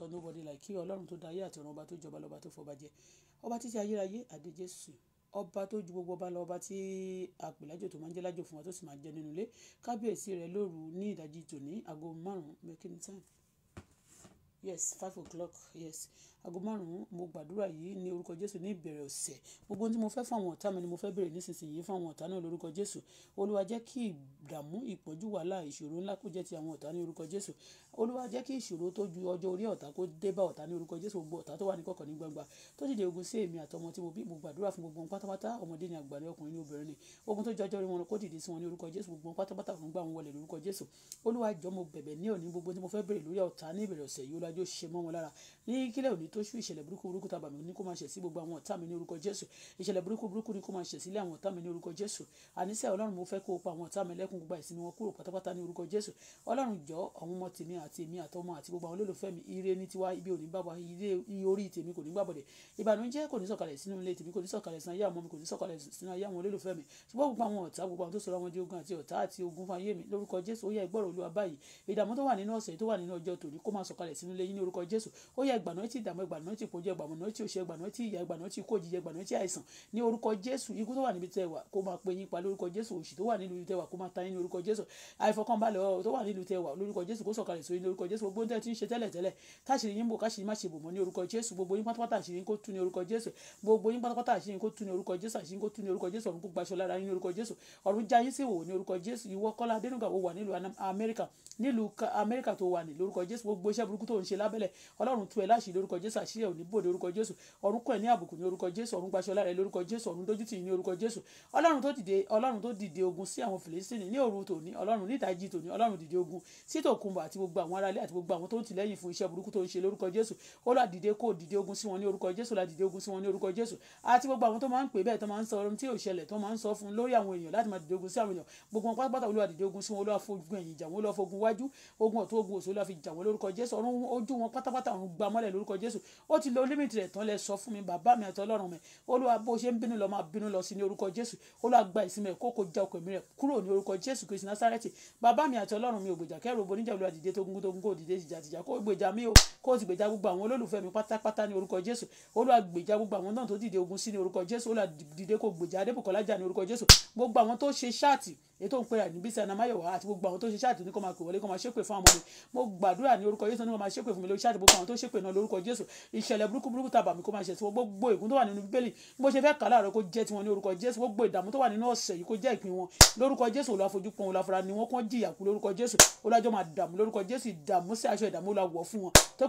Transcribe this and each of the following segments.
tọ́ nobody like you ọlọ́run tó dáyé àti ọ̀run ọba tó jọba lọ́ba tó fọba jẹ ọba títí ayérayé adé ọba tó ju gbogbo ọba lọ ọba tí àpèlájò tó máa ń jẹ́ lájò fún wa tó sì máa ń jẹ nínú ilé kábíyèsí rẹ lóru ní ìdajì tòní aago márùn-ún making time yes five o'clock yes Ago márùn-ún mo gbàdúrà yìí ní orúkọ Jésù ní ìbẹ̀rẹ̀ ọ̀sẹ̀. Gbogbo ohun tí mo fẹ́ fún àwọn ọ̀tá mi ni mo fẹ́ bèrè nísinsìnyí fún àwọn ọ̀tá náà lórúkọ Jésù. Olúwa jẹ́ kí ìdààmú, ìpọ́njú, wàhálà, ìṣòro ńlá kó jẹ́ ti àwọn ọ̀tá ní orúkọ Jésù. Olúwa jẹ́ kí ìṣòro tó ju ọjọ́ orí ọ̀tá kó dé bá ọ̀tá ní orúkọ Jésù. Gbogbo ọ̀tá tó wà ní kọ̀kọ̀ ní gbangba tó dìde ogun sí èmi àtọmọ tí mo bí, mo gbàdúrà fún gbogbo ni àgbà ní ọkùnrin ní ni. Ogun tó ìtọ́sú ìṣẹ̀lẹ̀ burúkú burúkú tàbà mi ní kó máa ṣẹ̀ sí gbogbo àwọn ọ̀tá mi ní orúkọ jésù ìṣẹ̀lẹ̀ burúkú burúkú ní kó máa ṣẹ̀ sílé àwọn ọ̀tá mi ní orúkọ jésù àníṣe ọlọ́run mo fẹ́ kó o pa àwọn ọ̀tá mi lẹ́kùn gbogbo ìsinmi wọn kúrò pátápátá ní orúkọ jésù ọlọ́run jọ àwọn ọmọ tèmi àti èmi àtọmọ àti gbogbo àwọn olólùfẹ́ mi ire ní tiwa ibi òní bàbá iye orí tèmi kò ní gbàbọ̀dẹ̀ ìbànújẹ́ kò ní sọ̀kalẹ̀ sínú ilé tèmi di ogun àti ọ̀tá àti ogun fún ayé mi lórúkọ jésù ó yẹ ìgbọ́rọ̀ olúwa báyìí ìdààmú tó wà nínú ọ̀sẹ̀ tó wà nínú ọjọ́ tòní kó máa sọ̀kalẹ̀ sínú ilé yín ní orúkọ jésù ó yẹ ìgbàná tí ìdààmú àwọn ẹgbàáná tí kò jẹ ẹgbàáná tí òṣè ẹgbàáná tí ìyà ẹgbàáná tí kò jíjẹ ẹgbàáná tí àìsàn ní orúkọ jésù ikú tó wà níbi tẹwà kó máa pe yín pa lórúkọ jésù òṣì tó wà nílùú tẹwà kó máa ta yín lórúkọ jésù àìfọkànbalẹ̀ ọ tó wà nílùú tẹwà lórúkọ jésù kó sọ̀kalẹ̀ sórí lórúkọ jésù gbogbo tẹ ti ń ṣe tẹ́lẹ̀ tẹ́lẹ̀ káṣírí yín bò káṣírí má ṣe bò mọ́ ní orúkọ jésù gbogbo yín pátápátá àṣírí yín kó tú ní orúkọ jésù gbogbo yín pátápátá àṣírí ṣe jésù àṣírí ẹ̀ ò ní bò ní orúkọ jésù ọ̀run kọ́ ẹ̀ ní àbùkù ní orúkọ jésù ọ̀run gbaṣọlá rẹ̀ lórúkọ jésù ọ̀run dójútì ní orúkọ jésù ọlọ́run tó dìde ọlọ́run tó dìde ogun sí àwọn fìlísítìnì ní òru tòní ọlọ́run nídàájí tòní ọlọ́run dìde ogun sí tòkunbọ̀ àti gbogbo àwọn aráalé àti gbogbo àwọn tó ń tilẹ́yìn fún iṣẹ́ burúkú tó ń ṣe lórúkọ jésù ó là dìde kó dìde ogun sí wọn ní orúkọ jésù là dìde ogun sí wọn ní orúkọ jésù àti gbogbo àwọn tó máa ń pè bẹ́ẹ̀ tó máa ń sọ ohun tí ò ṣẹlẹ̀ tó máa ń sọ fún lórí àwọn èèyàn láti máa dìde ogun sí àwọn èèyàn gbogbo wọn pátápátá olúwa dìde ogun sí wọn olúwa fogun ẹ̀yìn jà wọn olúwa fogun wájú ogun ọ̀tún ogun òsì olúwa fi wọn lórúkọ jésù ojú wọn pátápátá ọ̀run gbà lórúkọ jésù ó ti lo límìtì rẹ̀ tán lẹ sọ fún mi bàbá mi àti ọlọ́run mi olúwa bó ṣe ń bínú lọ máa bínú lọ sí ní orúkọ jésù olúwa gba ìsinmi rẹ̀ kókó já ọkọ̀ mi rẹ̀ kúrò ní orúkọ jésù kristi násárẹ́tì bàbá mi àti ọlọ́run mi ògbèjà kẹ́rù ògbó níjà olúwa dìde tógun tógun kó dìde jìjà jìjà kó gbèjà mi o kó ti gbèjà gbogbo àwọn olólùfẹ́ mi pátápátá ní orúkọ jésù olúwa gbèjà gbogbo àwọn náà tó dìde ogun sí ní orúkọ jésù olúwa dìde kó gbèjà adébùkọ́lájà ní orúkọ jésù gbogbo àwọn tó ṣe ṣáàtì ètò òun pera níbi sẹ́yìn amáyẹ̀wò àti gbogbo àwọn tó ṣe ṣáàtì ní kó máa pè wọlé kó máa ṣépè fún àwọn ọmọ mi mo gbàdúrà ní orúkọ Jésù ní kó máa ṣépè fún mi lórí ṣáàtì gbogbo àwọn tó ṣépè náà lórúkọ Jésù ìṣẹ̀lẹ̀ burúkú burúkú tàbà mi kó máa ṣẹ̀ sí gbogbo ègún tó wà nínú bíbélì bó ṣe fẹ́ kàlá rẹ kó jẹ́ tiwọn ní orúkọ Jésù gbogbo ìdààmú tó wà nínú ọ̀sẹ̀ yìí kó jẹ́ ìpín wọn lórúkọ Jésù olùwàfojúpọ̀n olùwàfọ̀ra ni wọ́n kàn jìyà kú lórúkọ Jésù olùwàjọ́ máa dààmú lórúkọ Jésù ìdààmú sí aṣọ ìdààmú olùwàwọ̀ fún wọn tó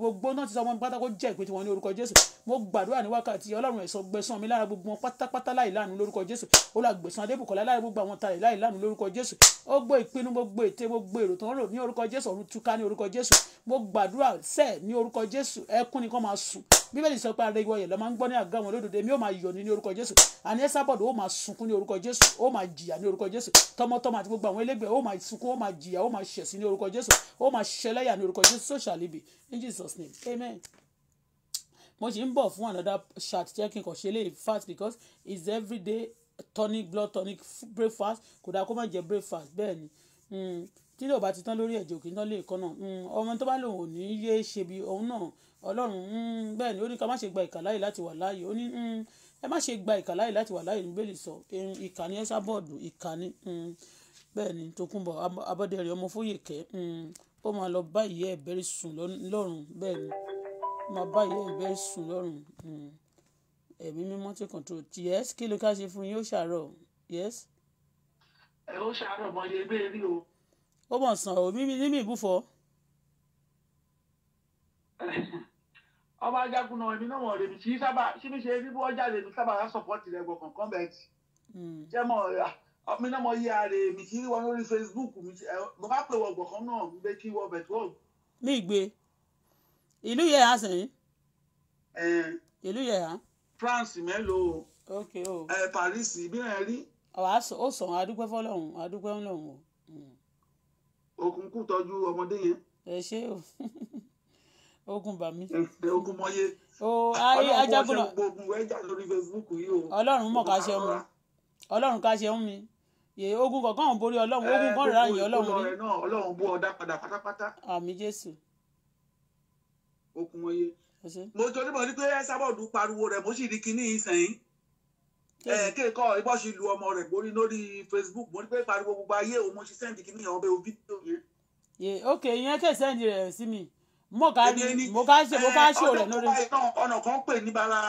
pé mo wọn pátá kó jẹ́ ìpín tiwọn ní orúkọ jésù mo gbàdúrà ní wákàtí ọlọ́run ẹ̀sọ́ gbẹ̀san mi lára gbogbo wọn pátápátá láì láàánú lórúkọ jésù olùgbẹ̀san adébùkọ́lá lára gbogbo àwọn tarẹ̀ láì láàánú lórúkọ jésù ó gbọ́ ìpinnu gbogbo ète gbogbo èrò tó ń rò ní orúkọ jésù ọ̀run túká ní orúkọ jésù mo gbàdúrà sẹ́ẹ̀ ní orúkọ jésù ẹkún nìkan máa sùn bíbélì sọ pé ariwo yẹn lọ máa ń gbọ́ ní àgọ́ àwọn olódodo èmi ó máa yọ̀ ní orúkọ jésù àní ẹ́sàbọ̀dù ó máa sunkún ní orúkọ jésù ó máa jìyà ní orúkọ jésù tọmọtọmọ àti gbogbo àwọn ẹlẹgbẹ́ ó máa sunkún ó máa jìyà ó máa ṣẹ̀sín ní orúkọ jésù ó máa ṣẹlẹ́yà ní orúkọ jésù so shall in Jesus name amen mo ṣì ń bọ̀ fún another chat checking kan ṣe lè fast because it's everyday tonic blood tonic breakfast kò dáa kó má jẹ breakfast bẹ́ẹ̀ ni hmm. tí lè ò bá ti tán lórí ẹ̀jẹ̀ òkè tán lè kọ́ náà hmm. ọmọ tó bá lòun ò ní yé ṣe bí òun náà ọlọ́run hmm, bẹ́ẹ̀ ni ó ní ká má ṣe gba ìkà láàyè láti wà láàyè ó ní hmm, ẹ má ṣe gba ìkà láàyè láti wà láàyè ní bẹ́ẹ̀lì sọ ìkà ni ẹ́sà bọ́ọ̀dù ìkà ni hmm, bẹ́ẹ̀ ni Tókunbọ̀ Abọ́dẹrẹ ọmọ Fóyèkẹ́ ó máa lọ bá ìyá ẹ̀ bẹ́ẹ̀rẹ̀ sùn lọ́rùn bẹ́ẹ̀ ni máa bá ìyá ẹ̀ bẹ́ẹ̀rẹ̀ sùn lọ́rùn ẹ̀mí mímọ́ tí kàn tó yes kí ló ká ṣe fún yín ó ṣàárọ̀ yes. ẹ ó ṣàárọ̀ mọ iye bẹ́ẹ̀ rí o. ó mọ̀ sàn ò mímí nímì ìbúfọ̀. ọba ajagun náà èmi náà mọ̀ rèmi kì í sábà kí ni ṣe bíbú ọjà rèmi sábà á sọ̀pọ̀tì rẹ̀ gbọ̀ngàn kọ́mbẹ̀tì ṣé mọ̀ mi náà mọ̀ yí ara èmi kì í wọn lórí Facebook mi mo bá pè wọ gbọ̀ngàn náà mi bẹ́ kí wọ bẹ̀tú ọ̀gù. mi gbé ìlú yẹ ha sẹ́yìn. ìlú yẹ ha. France mélòó. ok o. Oh. Paris bí náà rí. ó sàn adúpẹ́ fọlọ́run adúpẹ́ ńlọ́run o. Hmm. òkùnkùn tọ́jú ọmọdé yẹn. ẹ ṣé o. ogun bàmí. ogun mọye. o ayi ajagunna ọlọ́run mọ̀ ká ṣe mọ́ ọlọ́run ká ṣe ń mi ogun kankan ò borí ọlọ́run ogun kan rà yín ọlọ́run rí. ọlọ́run bú ọdá padà pátápátá. àmì jésù. ogun mọye. mo jọ nímọ̀ ní pé sábọ̀dù pariwo rẹ̀ mo sì rí kinní ìsẹ̀yìn kéèkọ́ ìbọn ṣe lu ọmọ rẹ̀ borí lórí Facebook mo ní pé pariwo gbogbo ayé òun mo ṣe sẹ́ǹdì kinní ìyàwó bẹ́ẹ̀ o fídíò yẹn. ok ìyẹn kẹsẹ́ǹdì rẹ̀ sí mi mo ka mo ka ṣe mo ka ṣe òrẹ eh, lórí. ọ̀nà kan pè o bala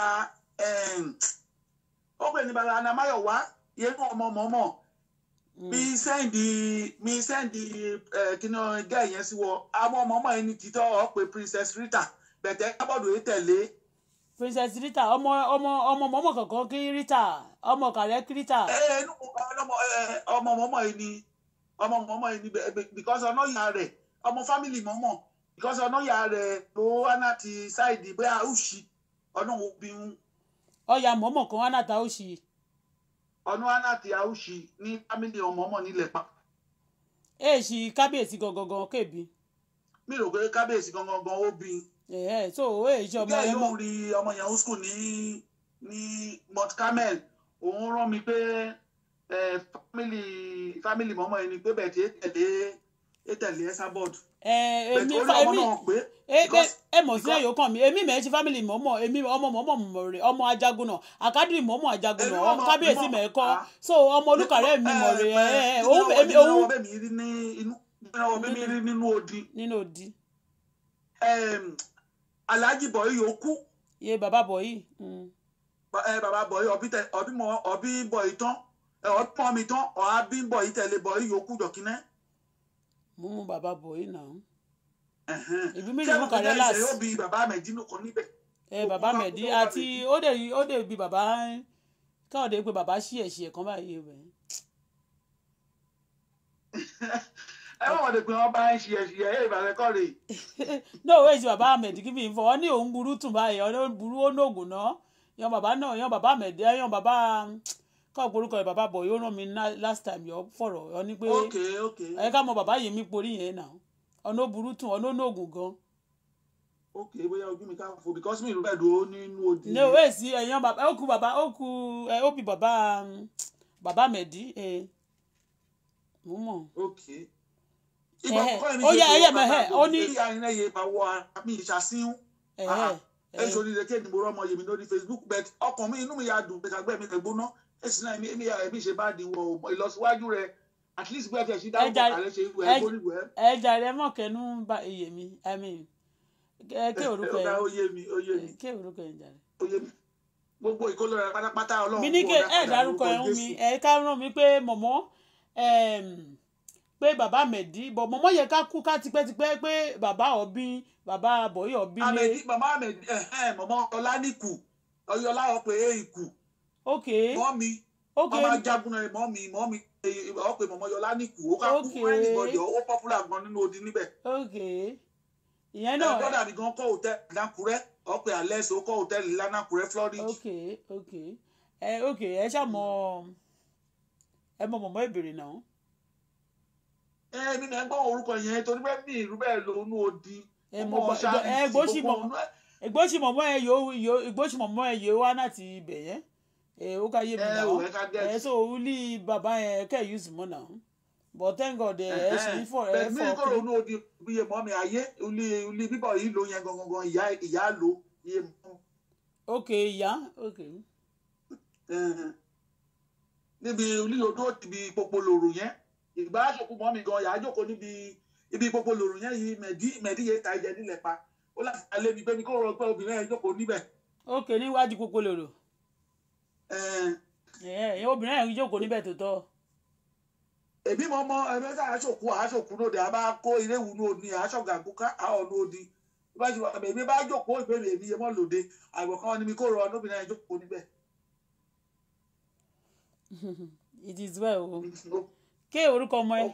ó pè ní bala anamayowa yẹ́nu ọmọ mọ́mọ́ mm. mi sẹ́ndì mi sẹ́ndì eh, kíni gẹ́ yẹn sí wọ àwọn ọmọ ọmọ yẹn ní títọ́ ọ pé princess rita bẹ̀tẹ̀ kábọ̀dù yìí tẹ̀lé. princess rita ọmọ ọmọ ọmọ mọ́mọ́ kankan kí rita ọmọ kàlẹ́ kí rita. ẹ eh, ẹ ọmọ mọ́mọ́ yìí ni ọmọ mọ́mọ́ yìí ni because ọ̀nà ìyá rẹ̀ ọmọ family mọ́mọ́ because ọ̀nà ìyá rẹ̀ ló wá láti ṣáìdì bóyá òṣì ọ̀nà òbin. ọ̀yà mọ̀mọ́ kan wá láta òṣì. ọ̀nà wá láti àwùṣì ní fámìlì ọmọọmọ nílẹ̀ pa. èèṣì kábíyèsí gangan kébi. mi rò pé kábíyèsí gangan ó bí. ẹ̀ẹ́ tó o èèṣì ọmọ yẹn mọ̀. bí ẹ yóò rí ọmọ yẹn ó skul ní ní Mount Carmel òun rán mi pé fámìlì eh, fámìlì mọ̀mọ́ yẹn ni pé bẹ̀ẹ̀ tí ẹ tẹ̀lé ẹ tẹ̀lé ẹ sábọ̀dù. Eh, èmi èmi eh, eh, ẹ mọ̀ sí ẹ̀yọ́ kan mi èmi mẹ́ẹ̀ ṣe family mọ̀mọ́ èmi ọmọ mọ̀mọ́ mọ̀rẹ́ ọmọ ajagun náà àkádìrì mọ̀mọ́ ajagun náà kábíyèsí mẹ́ẹ̀ kọ́ ah. so ọmọ olùkàrẹ́ mi mọ̀rẹ́ ẹ̀ òun èmi òun. nínú odi. nínú odi. alhaji bọ̀yì yóò kú. iye bàbá bọ̀yì. Mm. bàbá bọ̀yì ọbí bọ̀yì tán ọbí mọ̀ mi tán ọ̀ mo mú bàbá bọ̀yì náà. ìbí méjì mú Karellas. ṣé o bí bàbá mẹ̀dínú kan níbẹ̀. ẹ bàbá mẹ̀dín àti ó dẹ̀ ó dẹ̀ bí bàbá káwọ̀dé pé bàbá ṣí ẹ̀ ṣí ẹ̀ kan báyìí rẹ̀. ẹ má wọlé pé wọn bá ń ṣiyẹ ṣiyẹ ẹ ìbàdàn kọ rè. náà wẹ́ẹ̀ ṣe bàbá ahmed kí mi fọwọ́ ní òun burú tùbà yẹn ọ̀nà burú ó nógùn náà yan bàbá náà yan bàbá ahmed yan bàbá kọ́ orúkọ rẹ̀ bàbá bọ̀ yóò ràn mí last time yọ fọ̀rọ̀ ọ ní pé ẹ ká mọ bàbá yìí mi porí yẹn náà ọ̀nà burú tún ọ̀nà oògùn gan. ok bóyá ojú mi ká fò because mi ìlú bẹ́ẹ̀ dúró nínú odi. ní òwe sí ẹ̀yàn bàbá ó ku bàbá ó ku ẹ ó bi bàbá um, bàbá mẹ̀dí ẹ mú mọ̀. ok ìgbà kọ́lẹ̀ mi ṣe ìwọ bàbá mi ní ìyá iná yẹ bá wọ àmì ìṣàsíhùn ẹ ṣòrí rẹ kéènì mo rọmọ yèmí lórí Facebook bet ọkàn mi inú mi yà dùn gbẹgbẹ mi tẹ gbóná ẹ̀sìn náà èmi èmi ṣe bá di wọn o ìlọsíwájú rẹ at least bí ẹ̀fẹ̀ ṣe dáhùn ààrẹ ṣe wẹ̀ ẹ́ bórí wẹ̀. ẹ jàre mọ̀kẹ́nu ń ba iye mi i mean ké orúkọ yẹn oyè mi oyè mi ké orúkọ yẹn jàre. oyè mi gbogbo ìkólóra pátápátá ọlọ́run mi ní ẹ dárúkọ ẹ̀ ń mi ẹ ká rán mi pé mọ̀mọ́ pé bàbá Mẹ̀dí bọ̀ mọ̀mọ́ yẹ ká kú ká tipẹ́tipẹ́ pé bàbá ọ̀bí bàbá bọ̀yọ̀ bí lé. màmá Mẹ̀dí mọ̀mọ́ ọlá nìkù ọyọlá ọpẹ okay mọ́mí okay ọmọ ajagun náà mọ́mí mọ́mí ọ̀pẹ mọ̀mọ́yọlá nìkú ó ká kú fún ẹnìbọ̀dì náà bọ́dà mi gan kọ́ hòtẹ́ẹ̀lì lánàkúrẹ́ ọ̀pẹ alẹ́ so kọ́ hòtẹ́ẹ̀lì lánàkúrẹ́ florid. okay okay ẹ okay ẹ ṣàmọ ẹ mọ mọ̀mọ́ ìbèrè náà. ẹ mi náà gbọ́ orúkọ ok ó ká yé mi náà ẹ so wúlí bàbá yẹn kẹ́ use mọ́ náà but thank God ẹ ṣe ń fọ ẹ fọ kí. bẹ́ẹ̀ mi kò ronú odi iye mọ́ mi ayé ilé ilé bíbọ̀ yìí ló yẹn gangan ìyá ìyá ló iye mọ́. ok ìyá ok. níbi lílo dúró níbi popo lòrò yẹn ìgbà àṣọkù mọ́ mi gan ìyá àjọkọ̀ níbi ibi popo lòrò yẹn yìí mẹ̀dí mẹ̀dí yẹn ta ìjẹ nílẹ̀ pa ó láti alẹ́ mi gbẹ́mi kó rọ obìnrin ẹ̀ jókòó níbẹ̀. ok níwájú popo lòrò. Eh. Eh, eh, obìnrin yẹn jókòó níbẹ̀ tó tọ́. èmi mọ mọ ẹgbẹ́ tá a a lóde a bá kó ilé ìwú ní òní aṣọ ká a ọ̀ lóde èmi bá jókòó ìbéèrè èmi yẹn mọ́ lóde àgbọ̀ ni mi rọ lóbìnrin jókòó níbẹ̀. it is well o oh. ké orúkọ ọmọ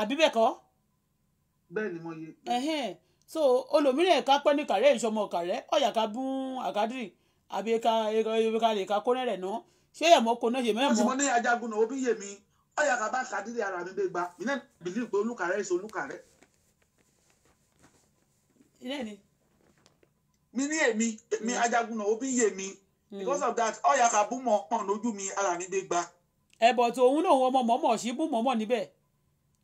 àbí bẹ́ẹ̀ kọ́. bẹ́ẹ̀ ni mo yẹ. so olòmíràn ẹ̀ka pẹ́ ní kàrẹ́ ìṣọmọ kàrẹ́ ọ̀yà ká bún àkádìrì àbí ẹ̀ka ẹ̀ka ẹ̀ka kónẹ́rẹ̀ náà ṣé ẹ̀mọ́ kóná yèmọ́ ẹ̀mọ́. mo ti mọ ní ajagun náà òbí mi, ọ̀yà ká bá kàdìrì ara mi gbé gba mi náà bìlí pé olùkàrẹ́ ìṣe olùkàrẹ́. ilé ni. mi ní èmi èmi mm. ajagun náà òbí yèmí mm. because of that ọ̀yà ká bú mọ̀ ọ̀pọ̀ lójú mi ara mi gbé gba. ẹ̀bọ̀ tòun náà wọ́n mọ̀ mọ̀ sí bú mọ̀ níbẹ̀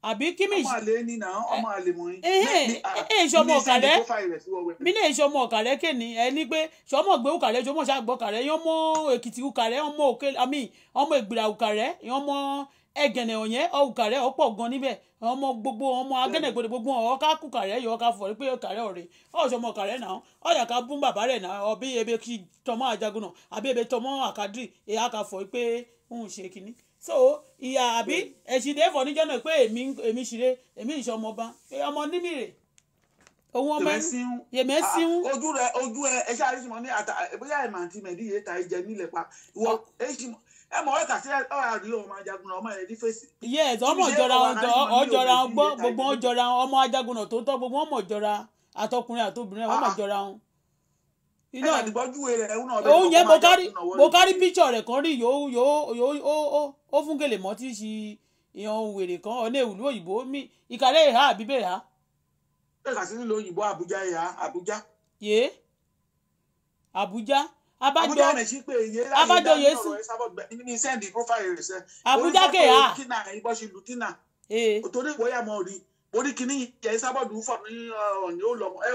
àbí kí mi. ọmọ àlè ni náà ọmọ eh, àlè mọ yín. ẹ ẹ ìṣọmọ ọkàrẹ mi ní ìṣọmọ ọkàrẹ kéènì ẹ pé ṣọmọ gbé òkàrẹ ṣọmọ ṣàgbọ òkàrẹ yẹn ọmọ èkìtì òkàrẹ ọmọ òkè àmì ọmọ ìgbìlà òkàrẹ yẹn ọmọ ẹgẹnẹ ọyẹn òkàrẹ ọ̀pọ̀ gan níbẹ̀ ọmọ gbogbo ọmọ agẹnẹgbọdẹ gbogbo ọkà kùkàrẹ yọ ọkà fọrí pé ọkàrẹ ọ̀rẹ́ ọṣọmọ ọkàrẹ náà ọyà ká bún bàbá rẹ náà ọbí ebe kí tọmọ àjagun àbí ebe tọmọ àkádìrì èyí àkàfọrí pé òun ṣe kínní so ìyá àbí ẹ̀ṣìdé fọ̀níjọ́ náà pé èmi èmi ṣìre èmi ìṣọmọba ọmọ nímìrè òun ọmọ yèmẹ síhún. Ah, ojú rẹ ojú ẹ ẹ ṣáà ṣùgbọ́n ní àtà bóyá ẹ̀ màá ti mẹ̀dí yé ta ẹ̀jẹ̀ nílẹ̀ pa ìwọ ah. ẹ mọ ọ̀rẹ́ kàtí ọ̀rẹ́ àrí ọmọ ajagunà ọmọ ẹ̀ ní fèsì. yes ọmọ ìjọra ọjọra ọgbọ́ gbogbo ọjọra ọmọ ajagunà tó tọ́ gbogbo ọmọ ìjọra àtọkùnrin àtobìnrin ọmọ ìjọra wọn iná àdìgbọ́júwe rẹ̀ ń náà. òun yẹn mo kárí mo kárí píṣọ̀ rẹ̀ kan rí yòó yòó yòó ó fún gèlè mọ́ tí í ṣe ìyàn wèrè kan ọ̀nà ìwúlú òyìnbó mi ìkàlẹ̀ ìhà àbíbẹ̀ ìhà. ṣé kàṣírí ló òyìnbó àbújá ìhà àbújá. yé àbújá abájọ àbújá rẹ̀ sí pé iye láyé dá lọ́rọ̀ ẹ sábọ̀ gbẹ ní sẹ́ndì profile rẹ̀ sẹ́. àbújá kẹ̀yà orí kínà ìbọn ṣe lù kínà. òtòdè bóyá mo rí orí kíní yẹn sábọ̀ dùn fún mi ọ̀nì ó lọ ẹ